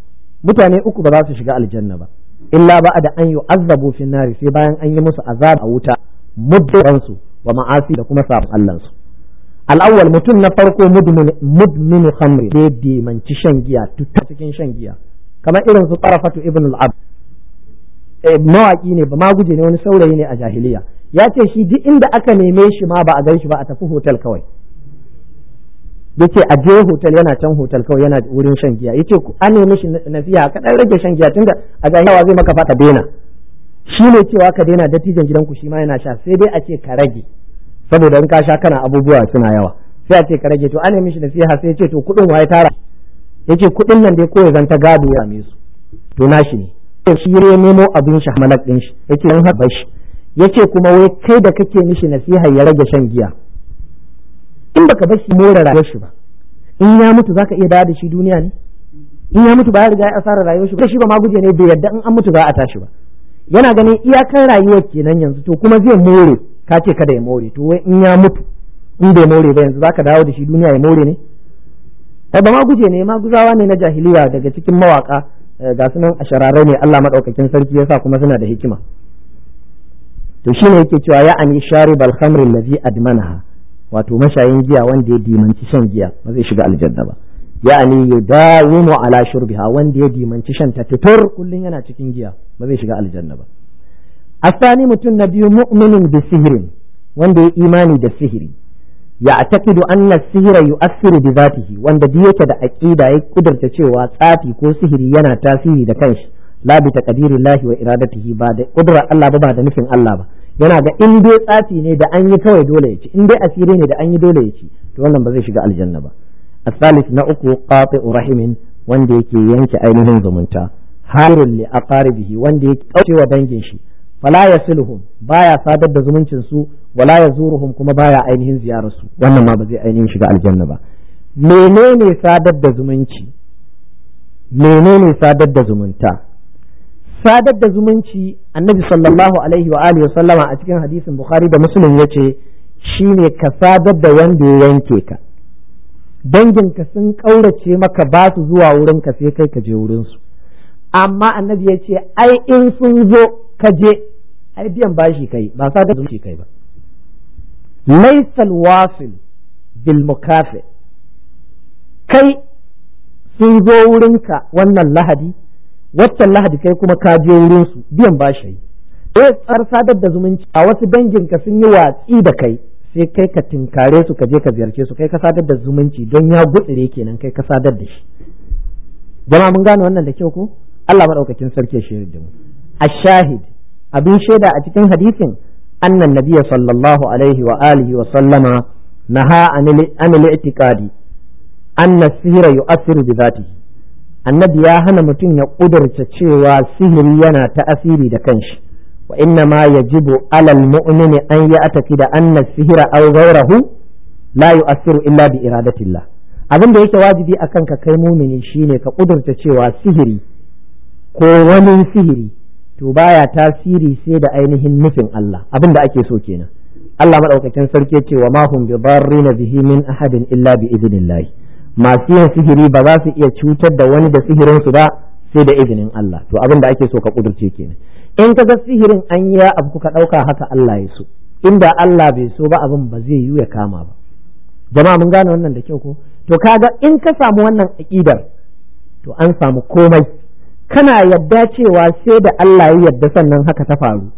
[SPEAKER 1] mutane uku ba za su shiga aljanna ba illa da an yu'azzabu fin nari sai bayan an yi musu azab a wuta mudduransu wa ma'asi da kuma sabon Allah su al'awwal mutum na farko mudminu khamri da dimanci shan giya tutta cikin shan giya kamar irin su tsarafatu ibn al-ab eh, mawaki ne ba ma guje ne wani saurayi ne a jahiliya ya ce shi duk inda aka neme shi ma ba a gan shi ba a tafi hotel kawai yace a je hotel yana can hotel kawai yana wurin shan giya yace an nemi shi nasiha ka dan rage shan giya tunda a ga yawa zai maka fata daina shi ne cewa ka daina dattijan gidan ku shi ma yana sha sai dai a ce ka rage saboda in ka sha kana abubuwa suna yawa sai a ce ka rage to an nemi shi nasiha sai yace to kudin waye tara yace kudin nan dai ko zan ta gado ya su to nashi ne to shi ne nemo abin shi malak din shi yace an haɓa shi yace kuma wai kai da kake mishi nasiha ya rage shan giya in baka bar shi more rayuwar shi ba in ya mutu zaka iya dawo da shi duniya ne in ya mutu ba ya riga ya asara rayuwar shi ba shi ba ma guje ne bai yadda in an mutu za a tashi ba yana ganin iyakar rayuwar kenan yanzu to kuma zai more ka ce kada ya more to wai in ya mutu in bai more ba yanzu zaka dawo da shi duniya ya more ne ai ba ma guje ne ma guzawa ne na jahiliya daga cikin mawaka eh, ga su nan a shararai ne Allah madaukakin sarki ya sa kuma suna da hikima to shine yake cewa ya ani sharibal khamri allazi admanaha wato mashayin giya wanda ya dimanci shan giya ba zai shiga aljanna ba ya'ani yudawimu ala shurbiha wanda ya dimanci shan ta tutur kullun yana cikin giya ba zai shiga aljanna ba asani mutum na biyu mu'minin bi sihirin wanda ya imani da sihiri ya taqidu anna sihira yu'assiru bi zatihi wanda duk yake da aqida ya kudurta cewa tsafi ko sihiri yana tasiri da kanshi la bi taqdirillahi wa iradatihi ba da kudrar Allah ba ba da nufin Allah ba yana ga in dai tsafi ne da an yi kawai dole ya ci in dai asiri ne da an yi dole ya ci to wannan ba zai shiga aljanna ba asalis na uku qati rahimin wanda yake yanke ainihin zumunta harun li aqaribihi wanda yake wa dangin shi fala yasiluhum baya sadar da zumuncin su wala yazuruhum kuma baya ainihin ziyarar su wannan ma ba zai ainihin shiga aljanna ba menene sadar da zumunci menene sadar da zumunta sadar da zumunci annabi sallallahu alaihi wa alihi sallama a cikin hadisin bukhari da muslim yace shine ka sadar da wanda ya yanke ka danginka sun kaurace maka ba su zuwa wurin ka sai kai ka je wurin su amma annabi yace ai in sun zo ka je ai biyan bashi kai ba sadar da zumunci kai ba laysal wasil bil mukafi kai sun zo wurinka wannan lahadi waccan lahadi kai kuma ka je wurin su biyan bashi eh tsar sadar da zumunci a wasu dangin ka sun yi watsi da kai sai kai ka tinkare su ka je ka ziyarce su kai ka sadar da zumunci don ya gutsire kenan kai ka sadar da shi jama'a mun gane wannan da kyau ko Allah madaukakin sarki ya shirye da mu ashahid abin shaida a cikin hadisin annan nabiyya sallallahu alaihi wa alihi wa sallama naha anil i'tiqadi anna sihra yu'athiru bi dhatihi annabi ya hana mutum ya ƙudurta cewa sihiri yana ta'asiri da kanshi wa inna ma yajibu alal mu'mini an ya ataki da anna sihira aw ghayrahu la yu'assiru illa bi iradatillah abin da yake wajibi akan ka kai mumini shine ka ƙudurta cewa sihiri ko wani sihiri to baya tasiri sai da ainihin nufin Allah abin da ake so kenan Allah madaukakin sarki ya ce wa ma hum bi bihi min ahadin illa bi idnillah masu yin sihiri ba za su iya cutar da wani da sihirinsu ba sai da izinin Allah to abin da ake so ka kudurce kenan in ka ga sihirin an yi abu kuka ɗauka haka Allah ya so inda Allah bai so ba abin ba zai yiwu ya kama ba jama'a mun gane wannan da kyau ko to kaga in ka samu wannan aqidar to an samu komai kana yadda cewa sai da Allah ya yadda sannan haka ta faru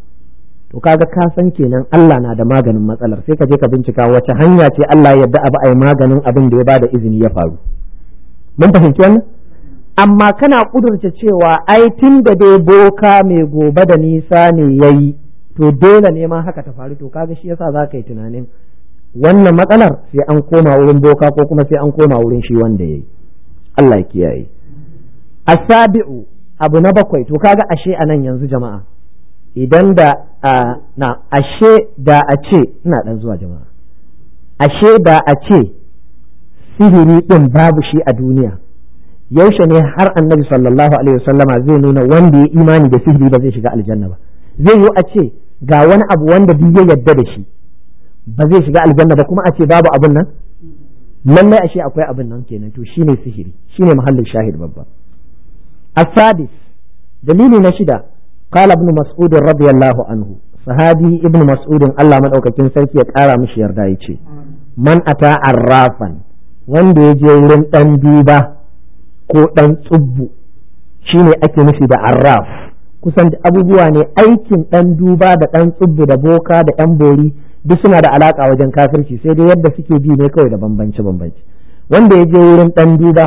[SPEAKER 1] to kaga ka san kenan Allah na da maganin matsalar sai ka je ka bincika wace hanya ce Allah yadda a ai maganin abin da ya bada izini ya faru mun fahimci wannan amma kana kudurce cewa ai tun da dai boka mai gobe da nisa ne yayi to dole ne ma haka ta faru to kaga shi yasa za ka yi tunanin wannan matsalar sai an koma wurin boka ko kuma sai an koma wurin shi wanda yayi Allah ya kiyaye asabi'u abu na bakwai to kaga ashe anan yanzu jama'a idan da a na ashe da a ce ina dan zuwa jama'a ashe da a ce sihiri din babu shi a duniya yaushe ne har annabi sallallahu alaihi wasallama zai nuna wanda ya imani da sihiri ba zai shiga aljanna ba zai yi a ce ga wani abu wanda duk ya yadda da shi ba zai shiga aljanna ba kuma a ce babu abun nan lallai ashe akwai abin nan kenan to shine sihiri shine mahallin shahid babba asadis dalili na shida qala ibn mas'ud radiyallahu anhu sahabi ibn Mas'udin Allah madaukakin sarki ya kara mishi yarda yace man ata arrafan wanda ya je wurin dan duba ko dan tsubbu shine ake nufi da arraf kusan abubuwa ne aikin ɗan duba da ɗan tsubbu da boka da dan bori duk suna da alaka wajen kafirci sai dai yadda suke bi ne kawai da bambanci bambanci wanda ya je wurin ɗan duba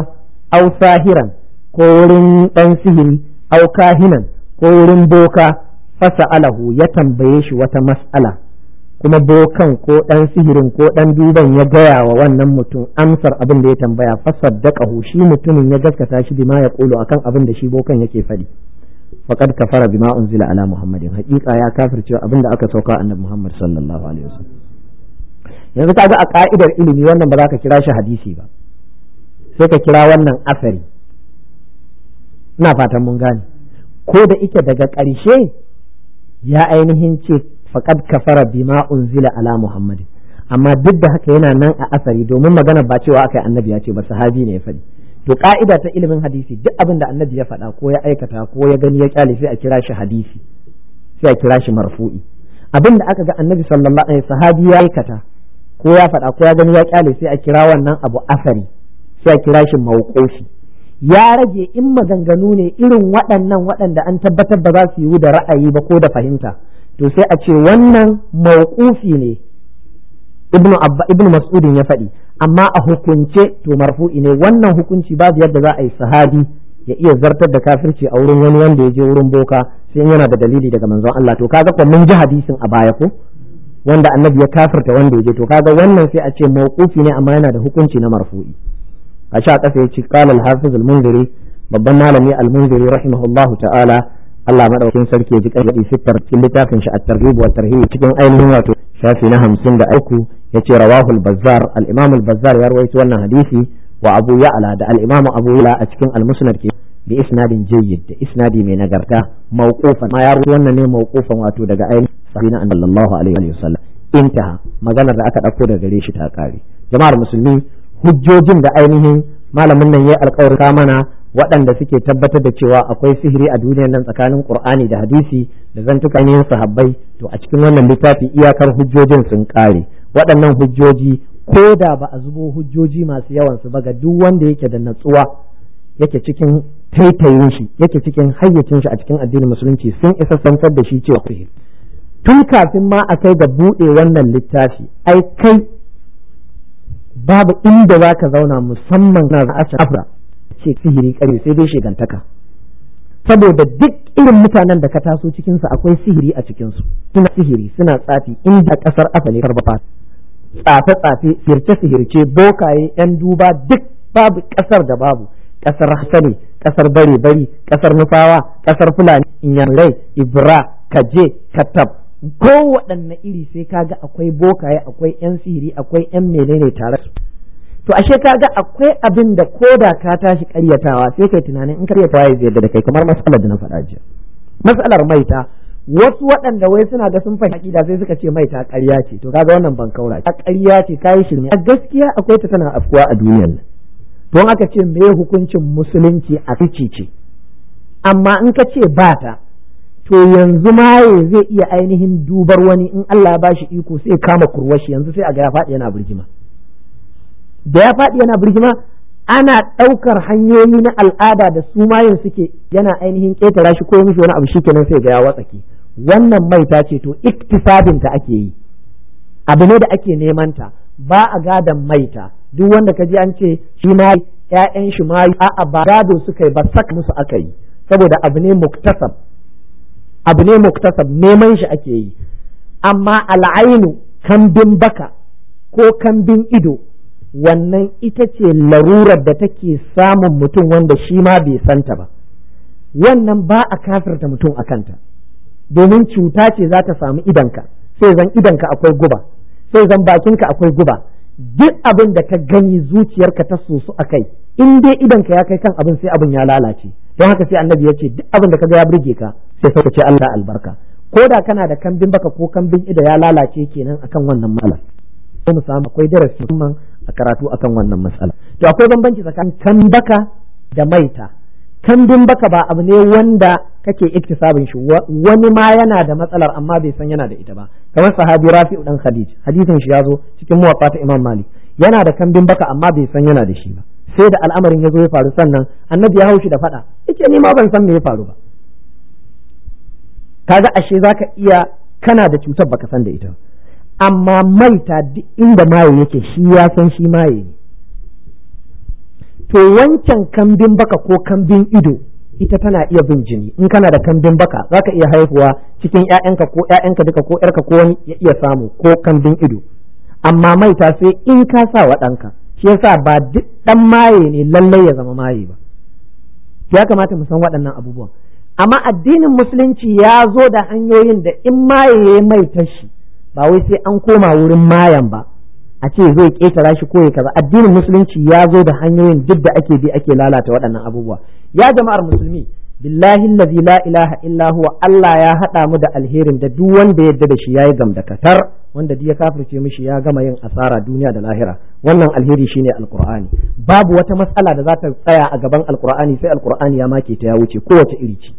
[SPEAKER 1] au sahiran ko wurin dan sihiri au kahinan ko wurin boka fasa alahu ya tambaye shi wata mas'ala kuma bokan ko ɗan sihirin ko ɗan duban ya gaya wa wannan mutum amsar abin da ya tambaya fasar hu shi mutumin ya gaskata shi bima ya ƙulu akan abin da shi bokan yake faɗi faqad kafara bima unzila ala muhammadin haƙiƙa ya cewa abin da aka sauka annabi muhammad sallallahu alaihi wasallam yanzu kaga a ƙa'idar ilimi wannan ba za ka kira shi hadisi ba sai ka kira wannan asari ina fatan mun gane ko da ike daga ƙarshe ya ainihin ce faƙad kafara bima unzila ala muhammadin amma duk da haka yana nan a asari domin magana ba cewa aka yi annabi ya ce ba sahabi ne ya faɗi to ka'ida ta ilimin hadisi duk abin da annabi ya faɗa ko ya aikata ko ya gani ya kyale sai a kira shi hadisi sai a kira shi marfu'i abin da aka ga annabi sallallahu alaihi sahabi ya aikata ko ya faɗa ko ya gani ya kyale sai a kira wannan abu asari sai a kira shi mawqufi ya rage in maganganu ne irin waɗannan waɗanda an tabbatar ba za su yi da ra'ayi ba ko da fahimta to sai a ce wannan mawqufi ne ibnu mas'udin ya faɗi amma a hukunce to marfu'i ne wannan hukunci ba yadda za a yi sahadi ya iya zartar da kafirci a wurin wani wanda ya je wurin boka sai yana da dalili daga manzon Allah to kaga ko mun ji hadisin a baya ko wanda annabi ya kafirta wanda ya je to kaga wannan sai a ce mawqufi ne amma yana da hukunci na marfu'i a sha ƙasa ya ce ƙalal hafiz al-munziri babban malami al-munziri rahimahullahu ta'ala Allah madaukakin sarki ya ji ƙarfi sittar cikin littafin shi at-targhib wa tarhib cikin ainihin wato shafi na hamsin da aiku yace rawahul bazzar al-imam al-bazzar ya rawaito wannan hadisi wa abu ya'la da al-imam abu ya'la a cikin al-musnad ke bi isnadin jayyid da isnadi mai nagarta mawqufan ma ya rawaito wannan ne mawqufan wato daga ainihin sahabina annabi sallallahu alaihi sallam intaha maganar da aka dauko daga gare shi ta kare jama'ar musulmi hujjojin da ainihin malamin nan ya alkawarin mana waɗanda suke tabbatar da cewa akwai sihiri a duniyar nan tsakanin qur'ani da hadisi da zantuka ne sahabbai to a cikin wannan littafi iyakar hujjojin sun kare waɗannan hujjoji ko da ba a zubo hujjoji masu yawan su ba ga duk wanda yake da natsuwa yake cikin taitayin shi yake cikin hayyacin shi a cikin addinin musulunci sun isa santar da shi cewa tun kafin ma a kai ga buɗe wannan littafi ai kai babu inda za ka zauna musamman na ra'asar afra ce sihiri kare sai dai shigantaka saboda duk irin mutanen da ka taso cikinsu akwai sihiri a cikinsu suna sihiri suna tsafi inda kasar karba fa tsafe tsafe sihirce sihirce bokaye yan duba duk babu kasar da babu kasar hasani kasar bare bari kasar nufawa kasar fulani inyamurai ibra kaje katab ko waɗanne iri sai kaga akwai bokaye akwai yan sihiri akwai yan menene tare su to ashe kaga akwai abin da ko da ka tashi karyatawa sai kai tunanin in karyatawa ya zai da kai kamar matsalar da na faɗa jiya matsalar maita wasu waɗanda wai suna ga sun fahimci da sai suka ce maita ƙarya ce to kaga wannan ban kaura ƙarya ce kai shirme a gaskiya akwai ta tana afkuwa a duniyar nan to aka ce me hukuncin musulunci a fice ce amma in ka ce ba ta to yanzu maye zai iya ainihin dubar wani in Allah ba shi iko sai kama kurwashi yanzu sai a ga ya faɗi yana birgima da ya faɗi yana birgima ana ɗaukar hanyoyi na al'ada da su mayin suke yana ainihin ƙetara shi ko mishi wani abu shi kenan sai ga ya watsake wannan mai ta ce to iktisabin ta ake yi abu ne da ake neman ta ba a gadon maita duk wanda ka ji an ce shi ma ƴaƴan shi ma a'a ba gado suka yi ba saka musu aka yi saboda abu ne muktasab abu ne muktasab neman shi ake yi amma al'ainu kambin baka ko kambin ido wannan ita ce larurar da take samun mutum wanda shi ma bai santa ba wannan ba a kafirta mutum a kanta domin cuta ce za ta samu idanka sai zan idanka akwai guba sai zan bakinka akwai guba duk abin da ka gani zuciyarka ta soso a kai in dai idanka ya kai kan abin sai abin ya lalace don haka sai annabi ya ce duk abin da ka ga ya burge ka sai ka ce Allah albarka ko da kana da kambin baka ko kambin ida ya lalace kenan akan wannan mala ko mu samu akwai darasi musamman a karatu akan wannan matsala to akwai bambanci tsakanin kambaka da maita kambin baka ba abu ne wanda kake iktisabin shi wani ma yana da matsalar amma bai san yana da ita ba kamar sahabi rafi'u dan khadij hadisin shi ya zo cikin muwaffa ta imam malik yana da kambin baka amma bai san yana da shi ba sai da al'amarin ya zo ya faru sannan annabi ya haushi da faɗa yace ni ma ban san me ya faru ba kaga ashe za ka iya kana da cutar baka san da ita amma maita duk inda maye yake shi ya san shi maye ne to wancan kambin baka ko kambin ido ita tana iya bin jini in kana da kambin baka za ka iya haihuwa cikin yayanka ko yayanka duka ko ‘yarka ko wani ya iya samu ko kambin ido amma maita sai in ka sa wa ɗanka shi yasa ba duk ɗan maye ne lallai ya zama maye ba ya kamata mu san waɗannan abubuwan amma addinin musulunci ya zo da hanyoyin da in maye ya mai tashi ba wai sai an koma wurin mayan ba a ce zai ƙetara shi ko kaza addinin musulunci ya zo da hanyoyin duk da ake bi ake lalata waɗannan abubuwa ya jama'ar musulmi billahi allazi la ilaha illa huwa Allah ya haɗa mu da alherin da duk wanda yadda da shi yayi gamdakatar wanda duk ya kafirce mishi ya gama yin asara duniya da lahira wannan alheri shine alqur'ani babu wata matsala da za ta tsaya a gaban alqur'ani sai alqur'ani ya make ta ya wuce kowace iri ce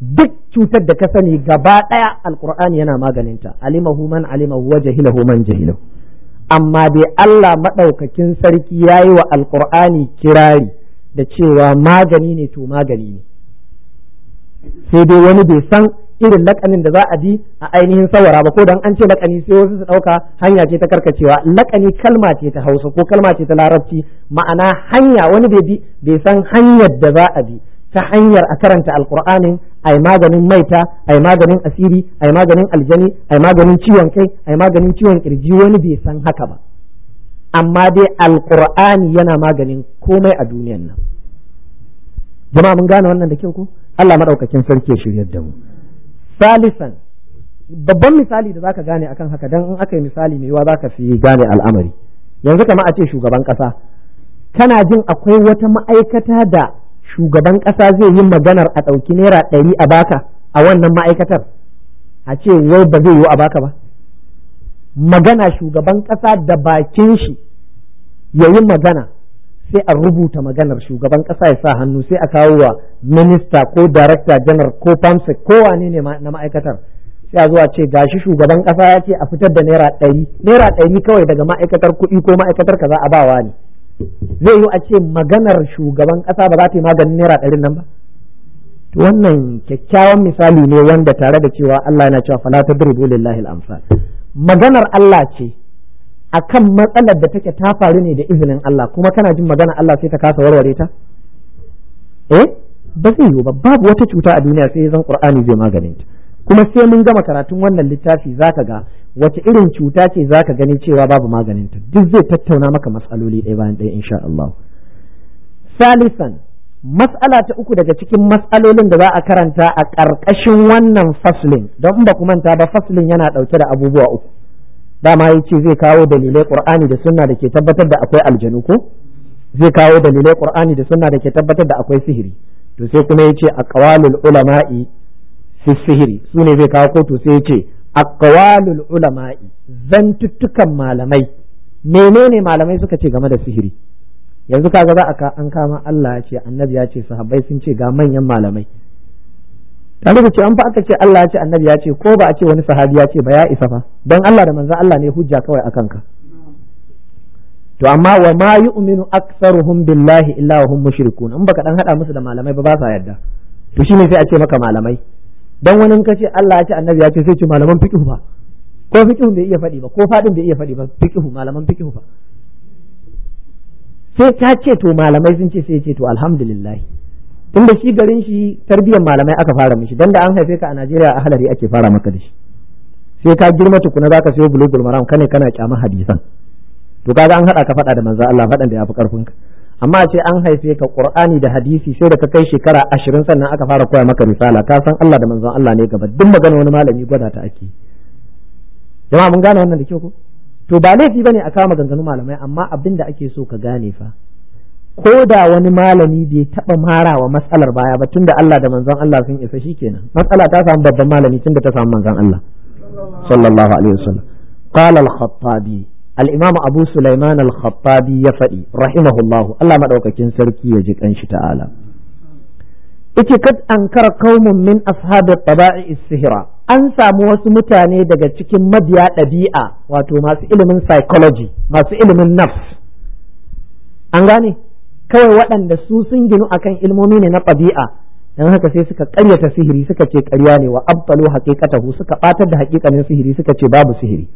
[SPEAKER 1] duk cutar da ka sani gaba ɗaya alkur'ani yana maganinta alimahu man alimahu wa jahilahu man jahilahu amma dai Allah maɗaukakin sarki ya yi wa alkur'ani kirari da cewa magani ne to magani ne sai dai wani bai san irin lakanin da za a bi a ainihin sawara ba ko dan an ce lakani sai wasu su ɗauka hanya ce ta karkacewa lakani kalma ce ta hausa ko kalma ce ta larabci ma'ana hanya wani bai bi bai san hanyar da za a bi ta hanyar a karanta alkur'anin ai maganin maita ai maganin asiri ai maganin aljani ai maganin ciwon kai ai maganin ciwon kirji wani bai san haka ba amma dai alkur'ani yana maganin komai a duniyan nan jama'a mun gane wannan da kyau ko Allah madaukakin sarki ya shiryar da mu salisan babban misali da zaka gane akan haka dan in aka yi misali mai yawa zaka fi gane al'amari yanzu kamar a ce shugaban kasa kana jin akwai wata ma'aikata da shugaban ƙasa zai yi maganar a ɗauki naira ɗari a baka a wannan ma'aikatar a ce wai ba zai yi a baka ba magana shugaban ƙasa da bakin shi ya yi magana sai a rubuta maganar shugaban ƙasa ya sa hannu sai a kawo wa minista ko darakta janar ko famsa ko wane ne na ma'aikatar sai a zuwa ce gashi shugaban ƙasa ya ce a fitar da naira ɗari naira ɗari kawai daga ma'aikatar kuɗi ko ma'aikatar ka za a bawa ne zai yi a ce maganar shugaban ƙasa ba za ta yi maganin naira ɗarin nan ba wannan kyakkyawan misali ne wanda tare da cewa Allah yana cewa fala duru lillahi lahil maganar Allah ce akan matsalar da take ta faru ne da izinin Allah kuma kana jin magana Allah sai ta kasa warware ta eh ba zai yiwu ba babu wata cuta a duniya sai zan Qur'ani zai maganin ta kuma sai mun gama karatun wannan littafi zaka ga wace irin cuta ce za ka gani cewa babu maganinta duk zai tattauna maka matsaloli ɗaya bayan ɗaya insha Allah salisan matsala ta uku daga cikin matsalolin da za a karanta a ƙarƙashin wannan faslin don ba ku manta ba faslin yana ɗauke da abubuwa uku ma ya ce zai kawo dalilai ƙur'ani da sunna da ke tabbatar da akwai aljanu ko zai kawo dalilai ƙur'ani da sunna da ke tabbatar da akwai sihiri to sai kuma ya ce a ƙawalul ulama'i fi su ne zai kawo kotu sai ya ce aqwalul ulama'i zantuttukan malamai menene malamai suka ce game da sihiri yanzu kaga za a an kama Allah ya ce annabi ya ce sahabbai sun ce ga manyan malamai tare da ce an fa aka ce Allah ya ce annabi ya ce ko ba a ce wani sahabi ya ce ba ya isa fa dan Allah da manzon Allah ne hujja kawai akan ka to amma wa ma yu'minu aktsaruhum billahi illa wa hum mushrikun in baka dan hada musu da malamai ba ba sa yarda to shine sai a ce maka malamai dan wani ka ce Allah ya ce annabi ya ce sai ce malaman fiqh ba ko fiqh bai iya faɗi ba ko fadin bai iya faɗi ba fiqh malaman fiqh ba sai ka ce to malamai sun ce sai ce to alhamdulillah tunda shi garin shi tarbiyyar malamai aka fara mishi dan da an haife ka a Najeriya a halari ake fara maka da shi sai ka girma tukuna zaka sayo bulugul maram kane kana kyama hadisan to kaga an hada ka fada da manzo Allah fadan da yafi karfin ka amma ce an haife ka qur'ani da hadisi sai da ka kai shekara ashirin sannan aka fara koya maka misala ka san Allah da manzon Allah ne gaba duk magana wani malami gwada ta ake jama'a mun gane wannan da kyau ko to ba laifi bane a kama ganganu malamai amma abin da ake so ka gane fa ko da wani malami bai taba marawa matsalar baya ba tunda Allah da manzon Allah sun isa shi shikenan matsala ta samu babban malami tunda ta samu manzon Allah sallallahu alaihi wasallam qala al-khattabi al-imam abu sulaiman al ya faɗi rahimahullahu Allah madaukakin sarki ya ji kanshi ta'ala yace kad ankara qaumun min ashabi tabai sihra an samu wasu mutane daga cikin mabiya ɗabi'a wato masu ilimin psychology masu ilimin nafs an gane kawai waɗanda su sun ginu akan ilmomi ne na ɗabi'a dan haka sai suka ƙaryata sihiri suka ce ƙarya ne wa abtalu haqiqatahu suka ɓatar da haƙiƙanin sihiri suka ce babu sihiri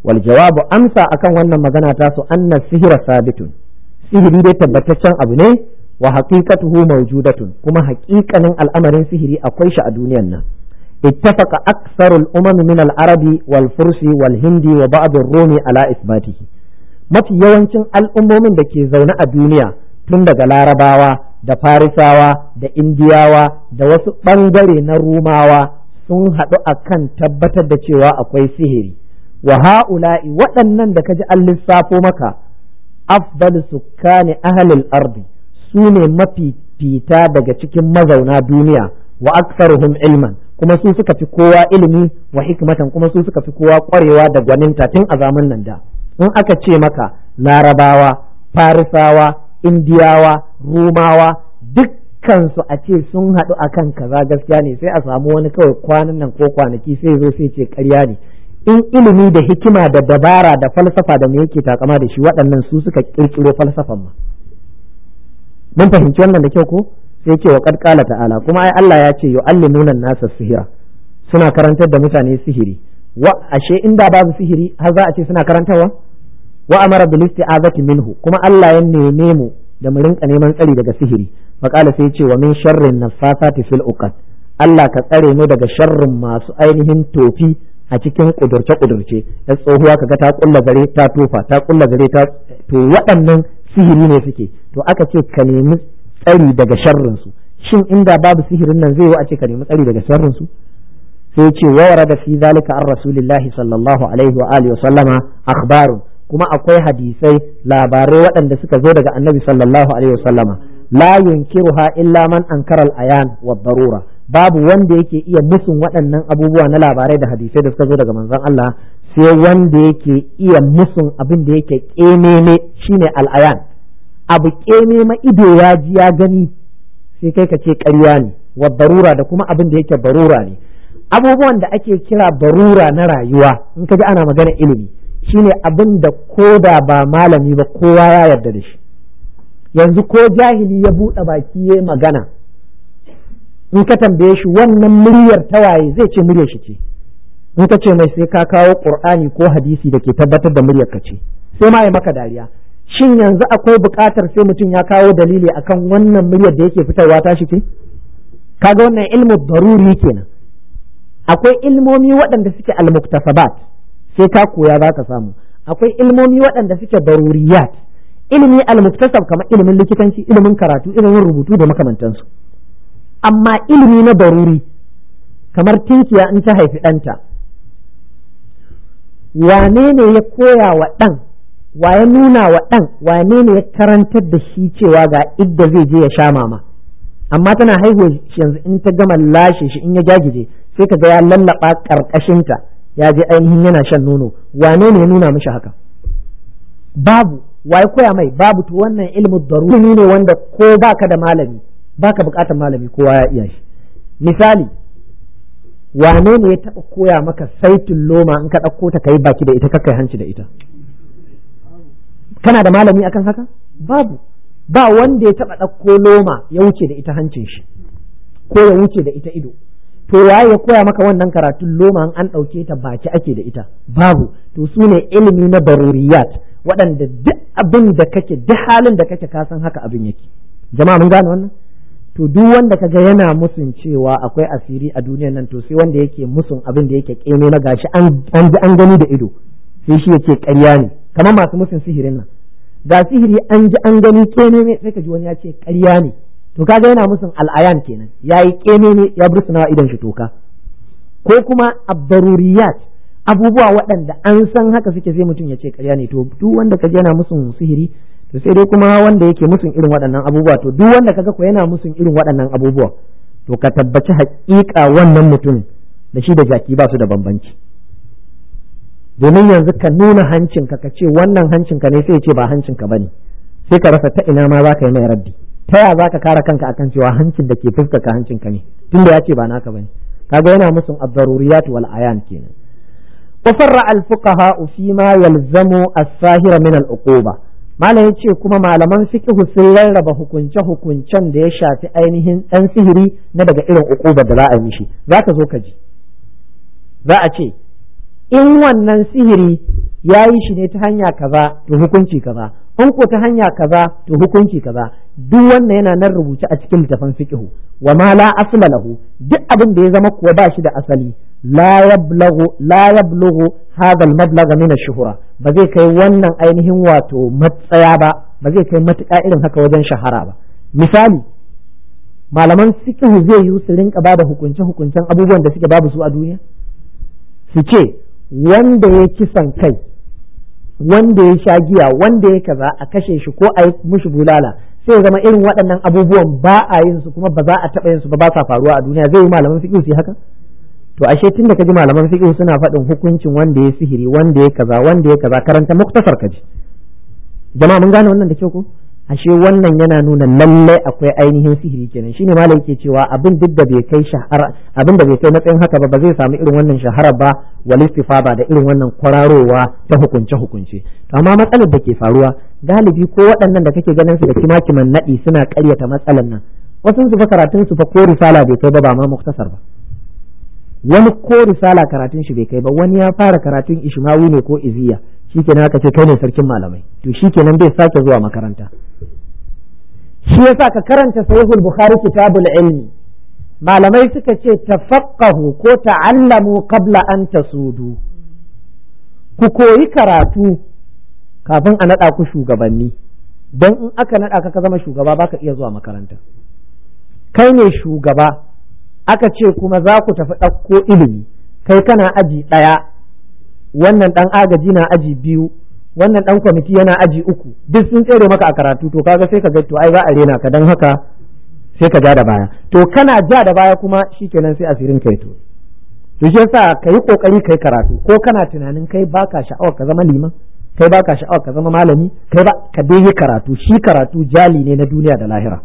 [SPEAKER 1] wal jawabu amsa akan wannan magana ta su anna sihira sabitun sihiri dai tabbataccen abu ne wa haqiqatuhu mawjudatun kuma haƙiƙanin al'amarin sihiri akwai shi a duniyar nan ittafaqa aksarul umam min al arabi wal fursi wal hindi wa ba'd ar rumi ala isbatihi mafi yawancin al'ummomin da ke zaune a duniya tun daga larabawa da farisawa da indiyawa da wasu ɓangare na rumawa sun haɗu a kan tabbatar da cewa akwai sihiri wa ha'ula'i waɗannan da ka ji an lissafo maka afdal sukkani ahlil ardi su ne mafi fita daga cikin mazauna duniya wa aktsaruhum ilman kuma su suka fi kowa ilimi wa hikmatan kuma su suka fi kowa kwarewa da gwaninta tun a zaman nan da in aka ce maka larabawa farisawa indiyawa rumawa dukkansu a ce sun haɗu kan kaza gaskiya ne sai a samu wani kawai kwanan nan ko kwanaki sai zo sai ce karya ne in ilimi da hikima da dabara da falsafa da me yake takama da shi waɗannan su suka ƙirƙiro falsafan ma mun fahimci wannan da kyau ko sai yake wa qad ta'ala kuma ai Allah ya ce yu'allimuna nasa sihira suna karantar da mutane sihiri wa ashe inda babu sihiri har za a ce suna karantarwa wa amara bil isti'azati minhu kuma Allah ya neme mu da mu rinka neman tsari daga sihiri faqala sai ce wa min sharrin nafasati fil uqad Allah ka tsare mu daga sharrin masu ainihin tofi a cikin kudurce kudurce yan tsohuwa kaga ta kulla zare ta tofa ta kulla zare ta to waɗannan sihiri ne suke to aka ce ka nemi tsari daga sharrin su shin inda babu sihirin nan zai yi a ce ka nemi tsari daga sharrin su sai ce wa warada fi zalika an rasulillahi sallallahu alaihi wa alihi wa sallama kuma akwai hadisai labarai waɗanda suka zo daga annabi sallallahu alaihi wa sallama la yunkiruha illa man ankara al-ayan wa darura babu wanda yake iya musun waɗannan abubuwa na labarai da hadisai da suka zo daga manzon Allah sai wanda yake iya musun abin da yake kememe shine al'ayan abu kememe ido ya ji ya gani sai kai ka ce ƙarya ne wa barura da kuma abin da yake barura ne abubuwan da ake kira barura na rayuwa in ka ji ana magana ilimi shine abin da ko da ba malami ba kowa ya yarda da shi yanzu ko jahili ya buɗe baki ya magana in ka tambaye shi wannan muryar ta waye zai ce muryar shi ce in ka ce mai sai ka kawo qur'ani ko hadisi da ke tabbatar da muryar ka ce sai ma ya maka dariya shin yanzu akwai buƙatar sai mutum ya kawo dalili akan wannan muryar da yake fitarwa ta shi ce kaga wannan ilmu daruri kenan akwai ilmomi waɗanda suke almuktasabat sai ka koya za ka samu akwai ilmomi waɗanda suke daruriyat ilimi almuktasab kamar ilimin likitanci ilimin karatu ilimin rubutu da makamantansu amma ilimi na baruri kamar tinkiya in ta haifi ɗanta wane ne ya koya wa ɗan wa ya nuna wa ɗan wane ne ya karantar da shi cewa ga idda zai je ya sha mama amma tana haihuwa yanzu in ta gama lashe shi in ya jagije sai ka ga ya lallaba ƙarƙashinta ya je ainihin yana shan nono wane ne ya nuna mishi haka babu wa ya koya mai babu to wannan ilimin daruri ne wanda ko baka da malami baka bukatar malami kowa ya iya shi misali wane ne ya taɓa koya maka saitin loma in ka ɗauko ta kai baki da ita hanci da ita kana da malami akan haka babu ba wanda ya taɓa ɗauko loma ya wuce da ita hancin shi ko ya wuce da ita ido to waye ya koya maka wannan karatun loma an ɗauke ta baki ake da ita babu to su ne ilimi na baruriyat waɗanda duk abin da kake duk halin da kake ka san haka abin yake jama'a mun gane wannan to duk wanda kaga yana musun cewa akwai asiri a duniyar nan to sai wanda yake musun abin da yake keme na gashi an an gani da ido sai shi yake ƙarya ne kamar masu musun sihirin nan ga sihiri an ji an gani kene ne sai ka ji wani ya ce ƙarya ne to kaga yana musun al'ayan kenan yayi kene ne ya bursuna idan shi toka ko kuma abdaruriyat abubuwa waɗanda an san haka suke sai mutum ya ce ƙarya ne to duk wanda kaje yana musun sihiri to sai dai kuma wanda yake musun irin waɗannan abubuwa to duk wanda kaga ko yana musun irin waɗannan abubuwa to ka tabbaci haƙiƙa wannan mutum da shi da jaki ba su da bambanci domin yanzu ka nuna hancinka ka ce wannan hancin ka ne sai ce ba hancinka bane sai ka rasa ta ina ma za ka yi mai raddi ta ya za ka kare kanka akan cewa hancin da ke fuskaka hancinka ne tunda ya ce ba naka bane kaga yana musun ad-daruriyat wal ayan kenan وفرع الفقهاء فيما يلزم الساهر من العقوبة malam ya ce kuma malaman fiqhu sun rarraba hukunce hukuncen da ya shafi ainihin ɗan sihiri na daga irin ukuba da za a mishi za ka zo ka ji za a ce in wannan sihiri ya yi shi ne ta hanya kaza to hukunci kaza in ko ta hanya kaza to hukunci kaza duk wannan yana nan rubuce a cikin littafin fiqhu wa ma la asla lahu duk abin da ya zama kuwa ba shi da asali la yablughu la yablughu hadha al-mablagha min ba zai kai wannan ainihin wato matsaya ba ba zai kai matuƙa irin haka wajen shahara ba misali malaman sikihu zai yi su rinka ba da hukunce hukuncen abubuwan da suke babu su a duniya su ce wanda ya kisan kai wanda ya sha giya wanda ya kaza a kashe shi ko a yi mushi bulala sai zama irin waɗannan abubuwan ba a yin su kuma ba za a taɓa yin su ba ba sa faruwa a duniya zai yi malaman sikihu su yi haka to ashe tun da ka ji malaman fiqh suna faɗin hukuncin wanda ya sihiri wanda ya kaza wanda ya kaza karanta muktasar ka ji jama'a mun gane wannan da kyau ko ashe wannan yana nuna lalle akwai ainihin sihiri kenan shine malam yake cewa abin duk da bai kai shahara abin da bai kai matsayin haka ba ba zai samu irin wannan shahara ba wal ba da irin wannan kwararowa ta hukunce hukunce to amma matsalar da ke faruwa galibi ko waɗannan da kake ganin su da kimakiman naɗi suna karyata matsalar nan wasu su fa karatun su fa ko risala bai kai ba ba ma muktasar ba wani ko risala karatun shi bai kai ba wani ya fara karatun ishmawi ne ko iziya shikenan aka ce kai ne sarkin malamai to shikenan bai sake zuwa makaranta shi yasa ka karanta sahihul bukhari kitabul ilmi malamai suka ce ta tafaqqahu ko ta'allamu qabla an sudu ku koyi karatu kafin a naɗa ku shugabanni don in aka naɗa ka ka zama shugaba baka iya zuwa makaranta kai ne shugaba aka ce kuma za ku tafi ɗauko ilimi kai kana aji ɗaya wannan ɗan agaji na aji biyu wannan ɗan kwamiti yana aji uku duk sun tsere maka a karatu to kaga sai ka ga to ai za a rena ka dan haka sai ka ja da baya to kana ja da baya kuma shikenan sai asirin kai to to shi yasa ka yi kokari kai karatu ko kana tunanin kai baka sha'awar ka zama liman kai baka sha'awar ka zama malami kai ba ka dai karatu shi karatu jali ne na duniya da lahira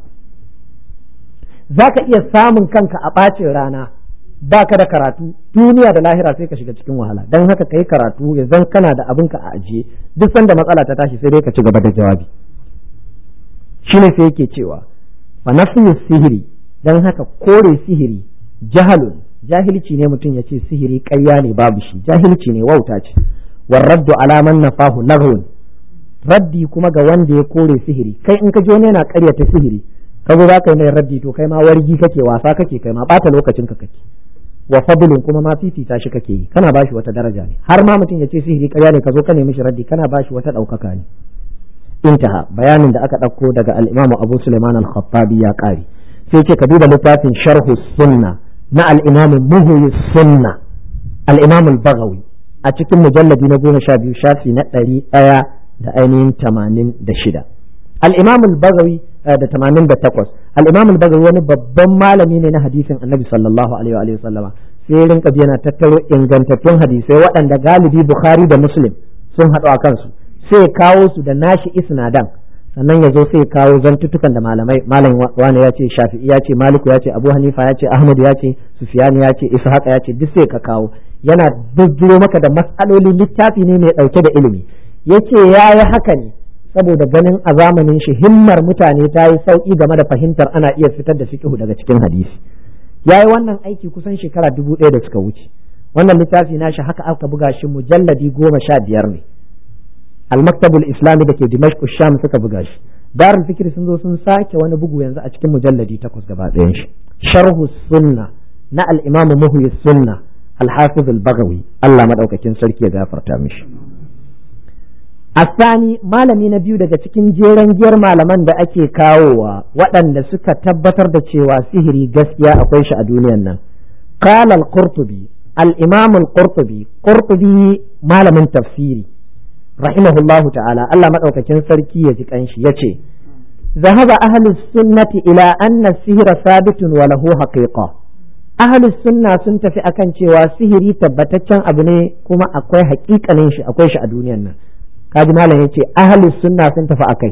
[SPEAKER 1] za ka iya samun kanka a ɓacin rana ba ka da karatu duniya da lahira sai ka shiga cikin wahala don haka ka yi karatu ya zan kana da abinka a ajiye duk sanda matsala ta tashi sai dai ka ci gaba da jawabi shi ne sai yake cewa fa nafsu sihiri don haka kore sihiri jahalun jahilci ne mutum ya ce sihiri ƙarya ne babu shi jahilci ne wauta ce warraddu alaman nafahu laghun raddi kuma ga wanda ya kore sihiri kai in ka je wani yana karyata sihiri ka zo za ka yi mai raddi to kai ma wargi kake wasa kake kai ma bata lokacin ka kake wa fadlun kuma ma fifita shi kake yi kana bashi wata daraja ne har ma mutum ya ce sihiri ƙarya ne ka zo ka nemi shi raddi kana bashi wata ɗaukaka ne intaha bayanin da aka ɗauko daga al-Imam Abu Sulaiman al-Khattabi ya kare sai ce ka duba littafin sharhu sunna na al-Imam Muhyi sunna al-Imam al-Baghawi a cikin mujalladi na goma sha biyu shafi na ɗari ɗaya da ainihin tamanin da shida al-Imam al-Baghawi da tamanin da takwas al al-bagawi wani babban malami ne na hadisin annabi sallallahu alaihi wa sallama sai rinka yana tattaro ingantattun hadisai waɗanda galibi bukhari da muslim sun haɗu a kansu sai kawo su da nashi isnadan sannan ya zo sai kawo zantuttukan da malamai malam wani ya ce shafi'i ya ce maliku ya ce abu hanifa ya ce ahmad ya ce sufiyani ya ce ishaq ya ce duk sai ka kawo yana dujjuro maka da mas'aloli littafi ne mai ɗauke da ilimi yace yayi haka ne saboda ganin a zamanin shi himmar mutane ta yi sauƙi game da fahimtar ana iya fitar da fiqhu daga cikin hadisi Ya yi wannan aiki kusan shekara dubu ɗaya da suka wuce wannan littafi na shi haka aka buga shi mujalladi goma sha biyar ne almaktabul islami da ke Dimash sham suka buga shi darul fikiri sun zo sun sake wani bugu yanzu a cikin mujalladi takwas gaba ɗayan shi sharhu sunna na al imamu muhyi sunna al-hafiz al-baghawi Allah madaukakin sarki ya gafarta mishi asani malami na biyu daga cikin jeren giyar malaman da ake kawowa waɗanda suka tabbatar da cewa sihiri gaskiya akwai shi a duniyan nan kalal al-qurtubi al-imam malamin tafsiri rahimahullahu ta'ala Allah maɗaukakin sarki ya ji kanshi yace zahaba ahlus sunnati ila anna sihira sabitun wa lahu haqiqa ahalus sunna sun tafi akan cewa sihiri tabbataccen abu ne kuma akwai hakikalin shi akwai shi a duniyan nan kaji malam yace ahli sunna sun tafi akai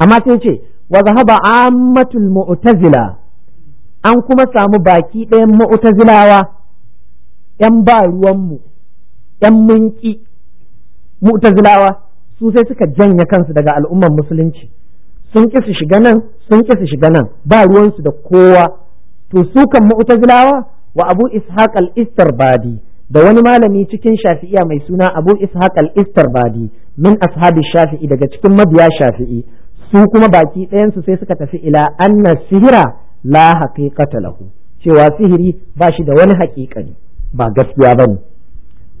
[SPEAKER 1] amma sai yace wa zahaba ammatul mu'tazila an kuma samu baki ɗayan mu'tazilawa yan ba ruwanmu yan munki mu'tazilawa su sai suka janye kansu daga al'ummar musulunci sun ƙi su shiga nan sun ƙi shiga nan ba ruwansu da kowa to su kan mu'tazilawa wa abu ishaq al-istirbadi da wani malami cikin shafi'iya mai suna abu ishaq al-istarbadi min ashabi shafi'i daga cikin mabiya shafi'i su kuma baki ɗayansu sai suka tafi ila anna sihira la haqiqata lahu cewa sihiri ba shi da wani ne ba gaskiya bane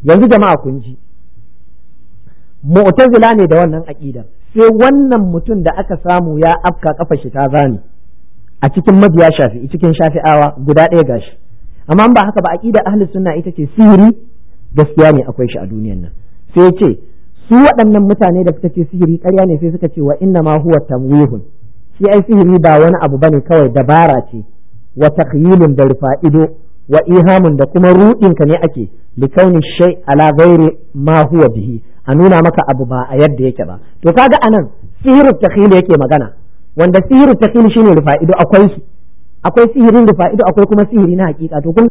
[SPEAKER 1] yanzu jama'a kun ji mu'tazila ne da wannan aqidar sai wannan mutum da aka samu ya afka kafa shi ta zani a cikin mabiya shafi'i cikin shafi'awa guda ɗaya gashi amma ba haka ba aqida ahli sunna ita ce sihiri gaskiya ne akwai shi a duniyan nan sai ya ce su waɗannan mutane da suka ce sihiri ƙarya ne sai suka ce wa inna ma huwa tamwihun shi ai sihiri ba wani abu bane kawai dabara ce wa takhyilun da rufa'ido wa ihamun da kuma ruɗin ka ne ake likauni shay ala ghairi ma huwa bihi a nuna maka abu ba a yadda yake ba to kaga anan sihirin takhil yake magana wanda sihirin takhil shine rufa'ido akwai su akwai sihirin da fa'ido akwai kuma sihiri na hakika to kun